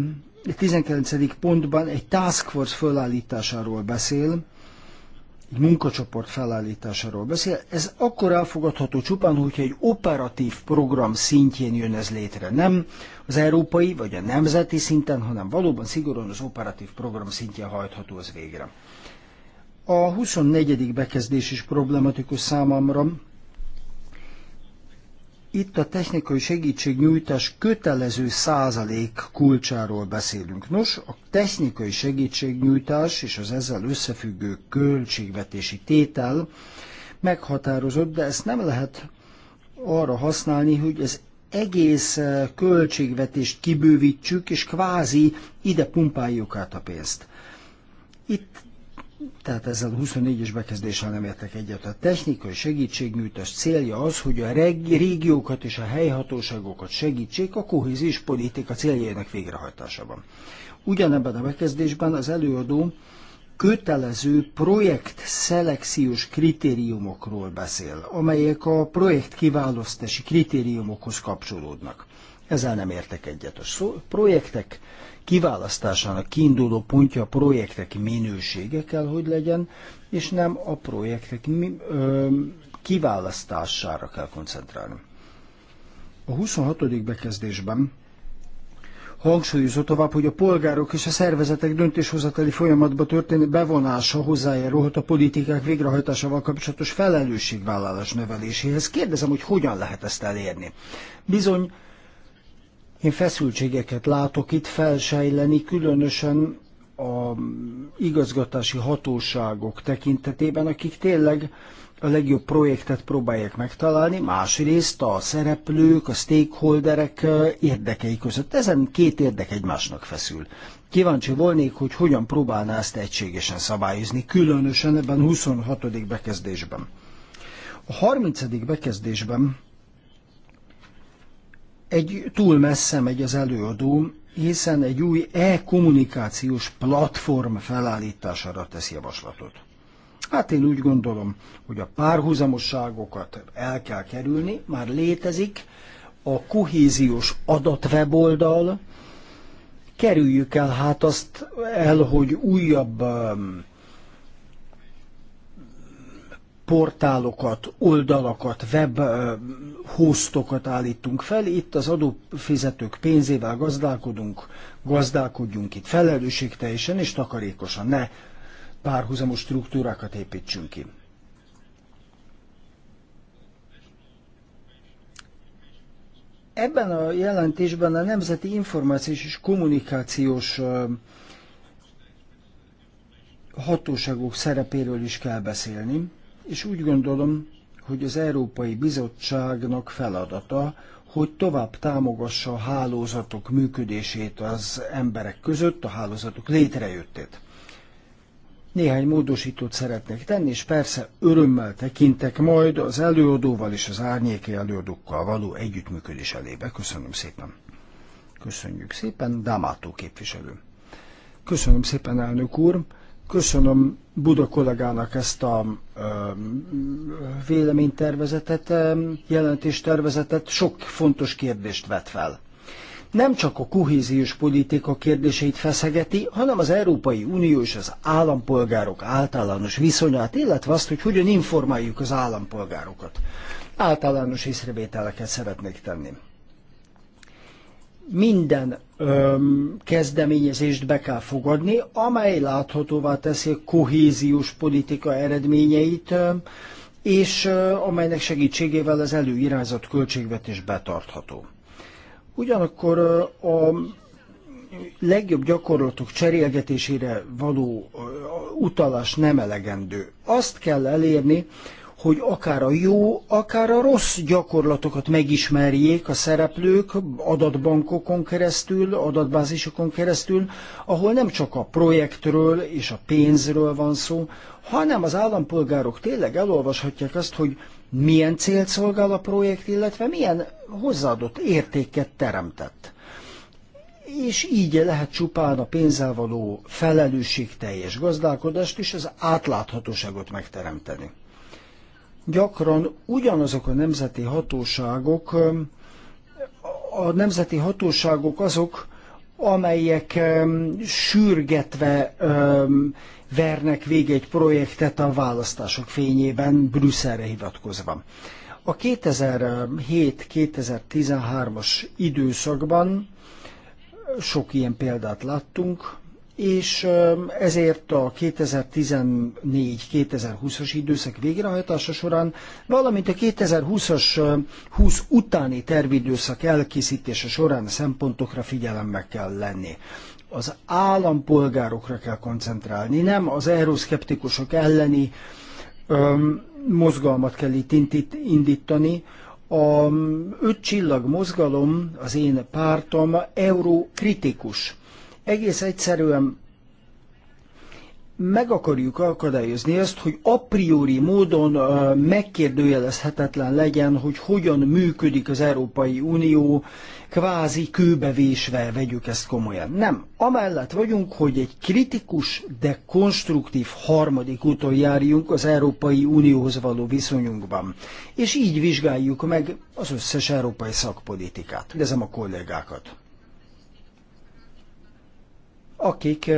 19. Eh, pontban egy task force fölállításáról beszél, egy munkacsoport felállításáról beszél. Ez akkor elfogadható csupán, hogyha egy operatív program szintjén jön ez létre. Nem az európai vagy a nemzeti szinten, hanem valóban szigorúan az operatív program szintjén hajtható ez végre. A 24. bekezdés is problematikus számomra. Itt a technikai segítségnyújtás kötelező százalék kulcsáról beszélünk. Nos, a technikai segítségnyújtás és az ezzel összefüggő költségvetési tétel meghatározott, de ezt nem lehet arra használni, hogy ez egész eh, költségvetést kibővítsük, és kvázi ide pumpáljuk át a pénzt. Itt tehát ezzel a 24-es bekezdéssel nem értek egyet. A technikai segítségnyújtás célja az, hogy a régiókat és a helyhatóságokat segítsék a kohéziós politika céljainak végrehajtásában. Ugyanebben a bekezdésben az előadó kötelező projekt szelekciós kritériumokról beszél, amelyek a projekt kiválasztási kritériumokhoz kapcsolódnak. Ezzel nem értek egyet. A projektek kiválasztásának kiinduló pontja a projektek minősége kell, hogy legyen, és nem a projektek kiválasztására kell koncentrálni. A 26. bekezdésben hangsúlyozott tovább, hogy a polgárok és a szervezetek döntéshozatali folyamatba történő bevonása hozzájárulhat a politikák végrehajtásával kapcsolatos felelősségvállalás növeléséhez. Kérdezem, hogy hogyan lehet ezt elérni. Bizony, én feszültségeket látok itt felsejleni, különösen a igazgatási hatóságok tekintetében, akik tényleg a legjobb projektet próbálják megtalálni, másrészt a szereplők, a stakeholderek érdekei között. Ezen két érdek egymásnak feszül. Kíváncsi volnék, hogy hogyan próbálná ezt egységesen szabályozni, különösen ebben 26. bekezdésben. A 30. bekezdésben egy túl messze megy az előadó, hiszen egy új e-kommunikációs platform felállítására tesz javaslatot. Hát én úgy gondolom, hogy a párhuzamosságokat el kell kerülni, már létezik a kohéziós adatweboldal, kerüljük el hát azt el, hogy újabb um, portálokat, oldalakat, web hostokat állítunk fel, itt az adófizetők pénzével gazdálkodunk, gazdálkodjunk itt felelősségteljesen és takarékosan, ne párhuzamos struktúrákat építsünk ki. Ebben a jelentésben a Nemzeti Információs és Kommunikációs hatóságok szerepéről is kell beszélni és úgy gondolom, hogy az Európai Bizottságnak feladata, hogy tovább támogassa a hálózatok működését az emberek között, a hálózatok létrejöttét. Néhány módosítót szeretnék tenni, és persze örömmel tekintek majd az előadóval és az árnyéki előadókkal való együttműködés elébe. Köszönöm szépen. Köszönjük szépen, Dámátó képviselő. Köszönöm szépen, elnök úr. Köszönöm Buda kollégának ezt a véleménytervezetet, jelentéstervezetet, sok fontos kérdést vet fel. Nem csak a kohéziós politika kérdéseit feszegeti, hanem az Európai Unió és az állampolgárok általános viszonyát, illetve azt, hogy hogyan informáljuk az állampolgárokat. Általános észrevételeket szeretnék tenni. Minden öm, kezdeményezést be kell fogadni, amely láthatóvá teszi a kohéziós politika eredményeit, öm, és öm, amelynek segítségével az előirányzott költségvetés betartható. Ugyanakkor a legjobb gyakorlatok cserélgetésére való utalás nem elegendő. Azt kell elérni, hogy akár a jó, akár a rossz gyakorlatokat megismerjék a szereplők adatbankokon keresztül, adatbázisokon keresztül, ahol nem csak a projektről és a pénzről van szó, hanem az állampolgárok tényleg elolvashatják azt, hogy milyen célt szolgál a projekt, illetve milyen hozzáadott értéket teremtett. És így lehet csupán a pénzzel való felelősségteljes gazdálkodást és az átláthatóságot megteremteni gyakran ugyanazok a nemzeti hatóságok, um, a nemzeti hatóságok azok, amelyek um, sürgetve um, vernek végig egy projektet a választások fényében, Brüsszelre hivatkozva. A 2007-2013-as időszakban sok ilyen példát láttunk, és ezért a 2014-2020-as időszak végrehajtása során, valamint a 2020-as 20 utáni tervidőszak elkészítése során szempontokra figyelemmel kell lenni. Az állampolgárokra kell koncentrálni, nem az euroszkeptikusok elleni öm, mozgalmat kell itt indítani, a öt csillag mozgalom, az én pártom, eurokritikus. Egész egyszerűen meg akarjuk akadályozni ezt, hogy a priori módon megkérdőjelezhetetlen legyen, hogy hogyan működik az Európai Unió, kvázi kőbevésve vegyük ezt komolyan. Nem. Amellett vagyunk, hogy egy kritikus, de konstruktív harmadik úton járjunk az Európai Unióhoz való viszonyunkban. És így vizsgáljuk meg az összes európai szakpolitikát. Kérdezem a kollégákat akik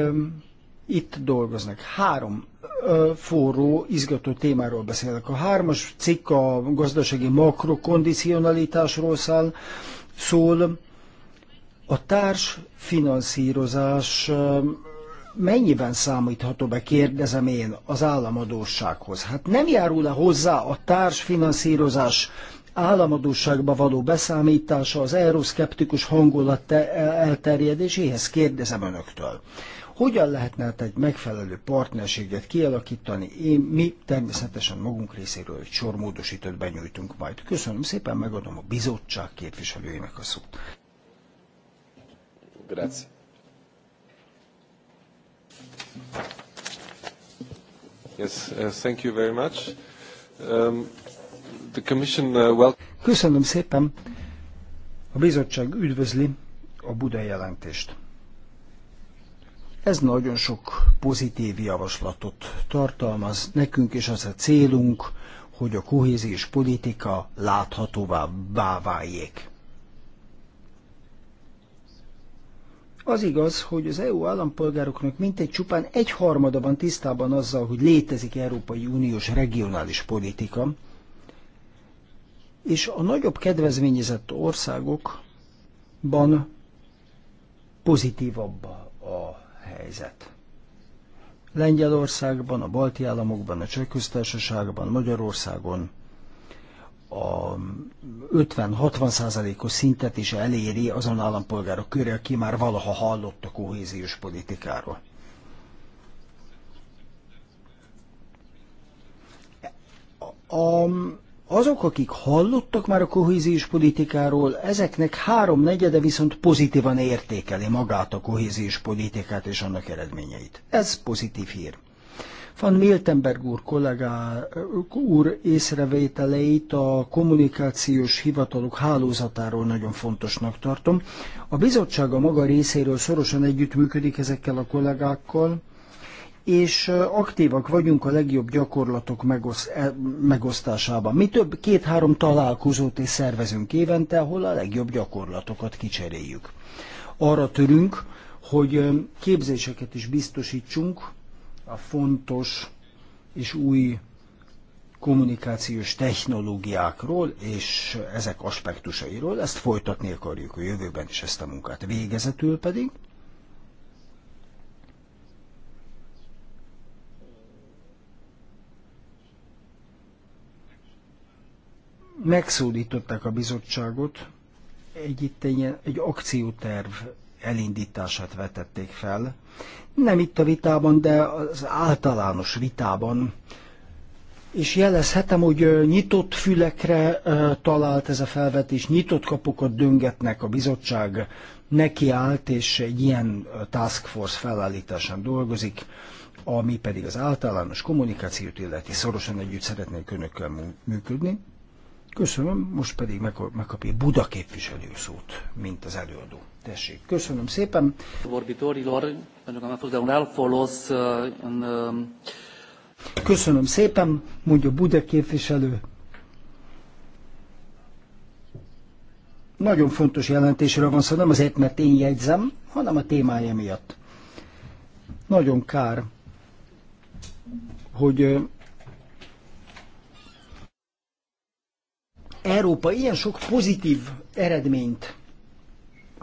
itt dolgoznak. Három forró, izgató témáról beszélek. A hármas cikk a gazdasági makrokondicionalitásról száll, szól. A társ finanszírozás mennyiben számítható be, kérdezem én, az államadósághoz? Hát nem járul-e hozzá a társfinanszírozás államadóságba való beszámítása az euroszkeptikus hangulat e- elterjedéséhez kérdezem önöktől. Hogyan lehetne hát egy megfelelő partnerséget kialakítani? Én, mi természetesen magunk részéről egy sor módosítót benyújtunk majd. Köszönöm szépen, megadom a bizottság képviselőjének a szót. Grazie. Yes, uh, thank you very much. Um, Uh, Köszönöm szépen. A bizottság üdvözli a Buda jelentést. Ez nagyon sok pozitív javaslatot tartalmaz nekünk, és az a célunk, hogy a kohéziós politika láthatóvá váljék. Az igaz, hogy az EU állampolgároknak mintegy csupán egy harmada van tisztában azzal, hogy létezik Európai Uniós regionális politika, és a nagyobb kedvezményezett országokban pozitívabb a helyzet. Lengyelországban, a balti államokban, a Csehköztársaságban, Magyarországon a 50-60 százalékos szintet is eléri azon állampolgárok köre, aki már valaha hallott a kohéziós politikáról. A azok, akik hallottak már a kohéziós politikáról, ezeknek három negyede viszont pozitívan értékeli magát a kohéziós politikát és annak eredményeit. Ez pozitív hír. Van Miltenberg úr kollégá úr észrevételeit a kommunikációs hivatalok hálózatáról nagyon fontosnak tartom. A bizottság a maga részéről szorosan együttműködik ezekkel a kollégákkal, és aktívak vagyunk a legjobb gyakorlatok e, megosztásában. Mi több két-három találkozót is szervezünk évente, ahol a legjobb gyakorlatokat kicseréljük. Arra törünk, hogy képzéseket is biztosítsunk a fontos és új kommunikációs technológiákról és ezek aspektusairól. Ezt folytatni akarjuk a jövőben is ezt a munkát. Végezetül pedig megszólították a bizottságot, egy itt egy, ilyen, egy akcióterv elindítását vetették fel. Nem itt a vitában, de az általános vitában. És jelezhetem, hogy nyitott fülekre talált ez a felvetés, nyitott kapokat döngetnek a bizottság, nekiállt, és egy ilyen task force felállításán dolgozik, ami pedig az általános kommunikációt illeti. Szorosan együtt szeretnék önökkel működni. Köszönöm, most pedig megkapja Buda képviselő szót, mint az előadó. Tessék, köszönöm szépen. Köszönöm szépen, mondja Buda képviselő. Nagyon fontos jelentésről van szó, nem azért, mert én jegyzem, hanem a témája miatt. Nagyon kár, hogy Európa ilyen sok pozitív eredményt,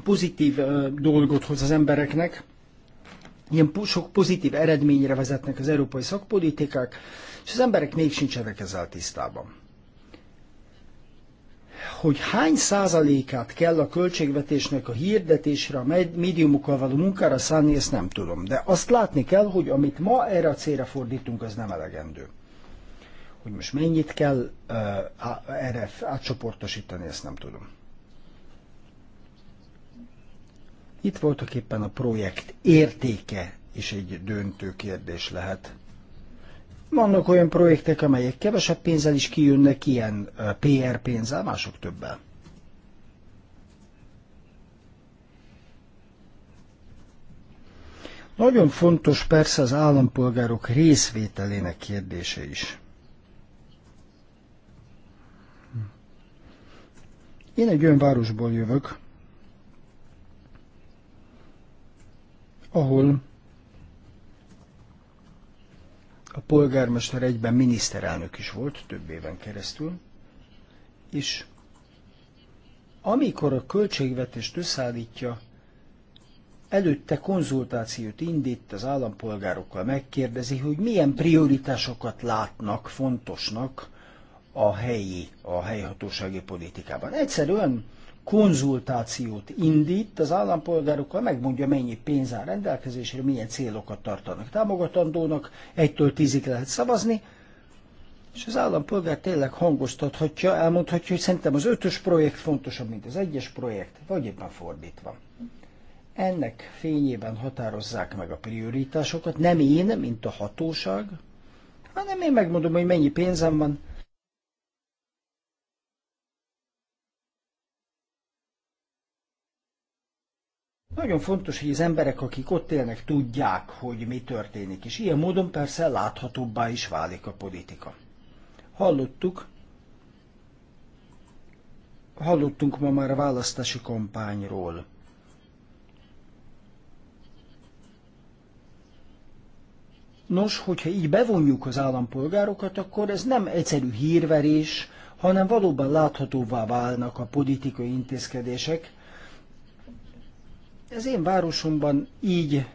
pozitív dolgot hoz az embereknek, ilyen sok pozitív eredményre vezetnek az európai szakpolitikák, és az emberek még sincsenek ezzel tisztában. Hogy hány százalékát kell a költségvetésnek a hirdetésre, a médiumokkal való munkára szánni, ezt nem tudom. De azt látni kell, hogy amit ma erre a célra fordítunk, az nem elegendő hogy most mennyit kell erre átcsoportosítani, ezt nem tudom. Itt voltak éppen a projekt értéke is egy döntő kérdés lehet. Vannak olyan projektek, amelyek kevesebb pénzzel is kijönnek ilyen PR pénzzel, mások többel. Nagyon fontos persze az állampolgárok részvételének kérdése is. Én egy olyan városból jövök, ahol a polgármester egyben miniszterelnök is volt több éven keresztül, és amikor a költségvetést összeállítja, előtte konzultációt indít az állampolgárokkal, megkérdezi, hogy milyen prioritásokat látnak fontosnak a helyi, a helyhatósági politikában. Egyszerűen konzultációt indít az állampolgárokkal, megmondja, mennyi pénz áll rendelkezésre, milyen célokat tartanak támogatandónak, egytől tízig lehet szavazni, és az állampolgár tényleg hangoztathatja, elmondhatja, hogy szerintem az ötös projekt fontosabb, mint az egyes projekt, vagy éppen fordítva. Ennek fényében határozzák meg a prioritásokat, nem én, mint a hatóság, hanem én megmondom, hogy mennyi pénzem van, Nagyon fontos, hogy az emberek, akik ott élnek, tudják, hogy mi történik, és ilyen módon persze láthatóbbá is válik a politika. Hallottuk, hallottunk ma már a választási kampányról. Nos, hogyha így bevonjuk az állampolgárokat, akkor ez nem egyszerű hírverés, hanem valóban láthatóvá válnak a politikai intézkedések, ez én városomban így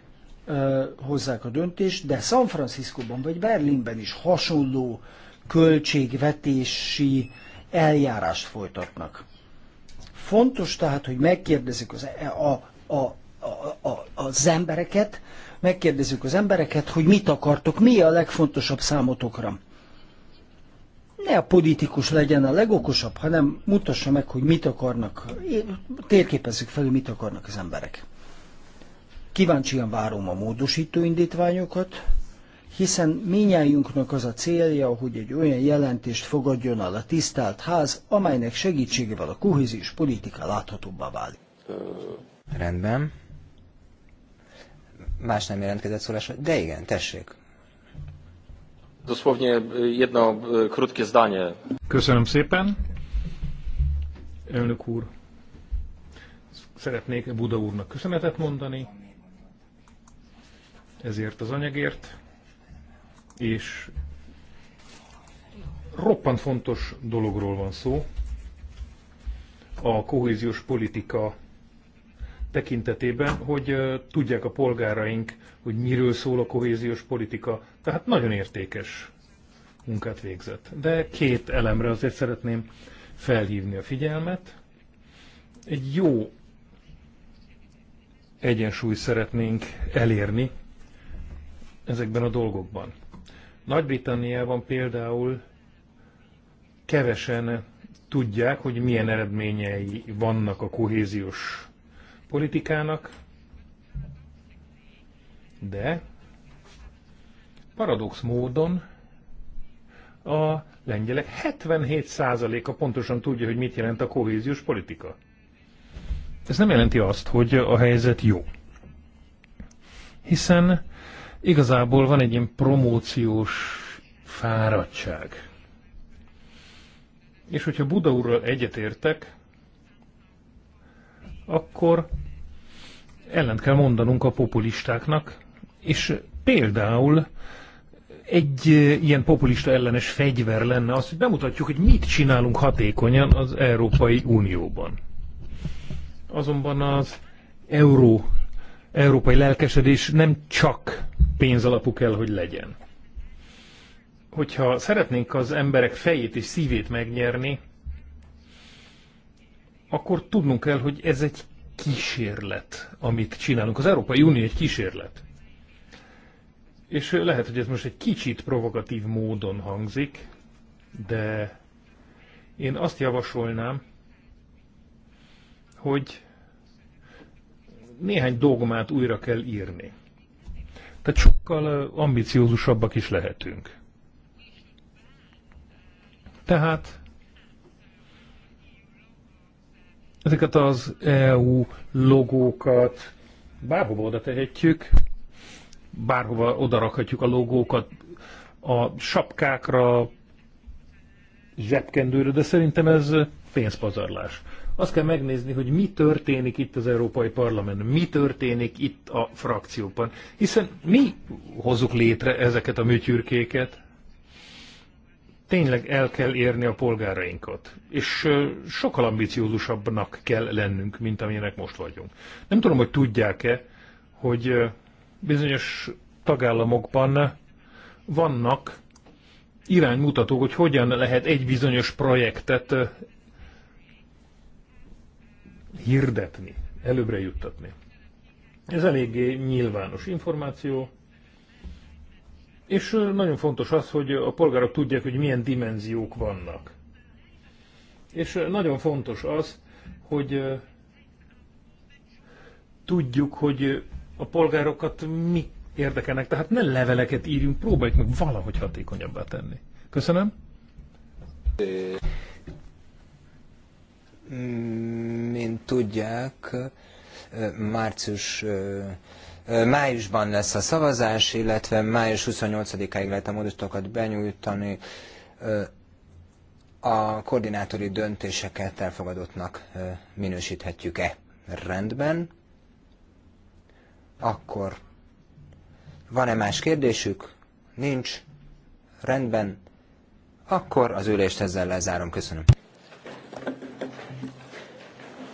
ö, hozzák a döntést, de San Franciscóban vagy Berlinben is hasonló költségvetési eljárást folytatnak. Fontos tehát, hogy megkérdezzük az, e- a, a, a, a, az embereket, megkérdezzük az embereket, hogy mit akartok, mi a legfontosabb számotokra ne a politikus legyen a legokosabb, hanem mutassa meg, hogy mit akarnak, eh, térképezzük fel, hogy mit akarnak az emberek. Kíváncsian várom a módosító indítványokat, hiszen minnyájunknak az a célja, hogy egy olyan jelentést fogadjon el a tisztelt ház, amelynek segítségével a kohézis politika láthatóbbá válik. Rendben. Más nem jelentkezett szólás, de igen, tessék. Dosłownie e, jedno e, krótkie zdanie. Köszönöm szépen. Elnök úr, szeretnék Buda úrnak köszönetet mondani ezért az anyagért, és roppant fontos dologról van szó. A kohéziós politika tekintetében, hogy tudják a polgáraink, hogy miről szól a kohéziós politika. Tehát nagyon értékes munkát végzett. De két elemre azért szeretném felhívni a figyelmet. Egy jó egyensúly szeretnénk elérni ezekben a dolgokban. Nagy-Britanniában például kevesen tudják, hogy milyen eredményei vannak a kohéziós politikának, de paradox módon a lengyelek 77%-a pontosan tudja, hogy mit jelent a kohéziós politika. Ez nem jelenti azt, hogy a helyzet jó. Hiszen igazából van egy ilyen promóciós fáradtság. És hogyha Buda úrral egyetértek, akkor ellent kell mondanunk a populistáknak, és például egy eh, ilyen populista ellenes fegyver lenne az, hogy bemutatjuk, hogy mit csinálunk hatékonyan az Európai Unióban. Azonban az euró, európai lelkesedés nem csak pénzalapú kell, hogy legyen. Hogyha szeretnénk az emberek fejét és szívét megnyerni, akkor tudnunk kell, hogy ez egy kísérlet, amit csinálunk. Az Európai Unió egy kísérlet. És lehet, hogy ez most egy kicsit provokatív módon hangzik, de én azt javasolnám, hogy néhány dogmát újra kell írni. Tehát sokkal ambiciózusabbak is lehetünk. Tehát ezeket az EU logókat bárhova oda tehetjük, bárhova oda rakhatjuk a logókat, a sapkákra, zsebkendőre, de szerintem ez pénzpazarlás. Azt kell megnézni, hogy mi történik itt az Európai parlament, mi történik itt a frakcióban. Hiszen mi hozzuk létre ezeket a műtyürkéket, tényleg el kell érni a polgárainkat, és sokkal ambiciózusabbnak kell lennünk, mint amilyenek most vagyunk. Nem tudom, hogy tudják-e, hogy bizonyos tagállamokban vannak iránymutatók, hogy hogyan lehet egy bizonyos projektet hirdetni, előbbre juttatni. Ez eléggé nyilvános információ, és nagyon fontos az, hogy a polgárok tudják, hogy milyen dimenziók vannak. És nagyon fontos az, hogy tudjuk, hogy a polgárokat mi érdekelnek. Tehát ne leveleket írjunk, próbáljuk meg valahogy hatékonyabbá tenni. Köszönöm. Mint tudják, március Májusban lesz a szavazás, illetve május 28-áig lehet a módosítókat benyújtani. A koordinátori döntéseket elfogadottnak minősíthetjük-e? Rendben. Akkor van-e más kérdésük? Nincs. Rendben. Akkor az ülést ezzel lezárom. Köszönöm.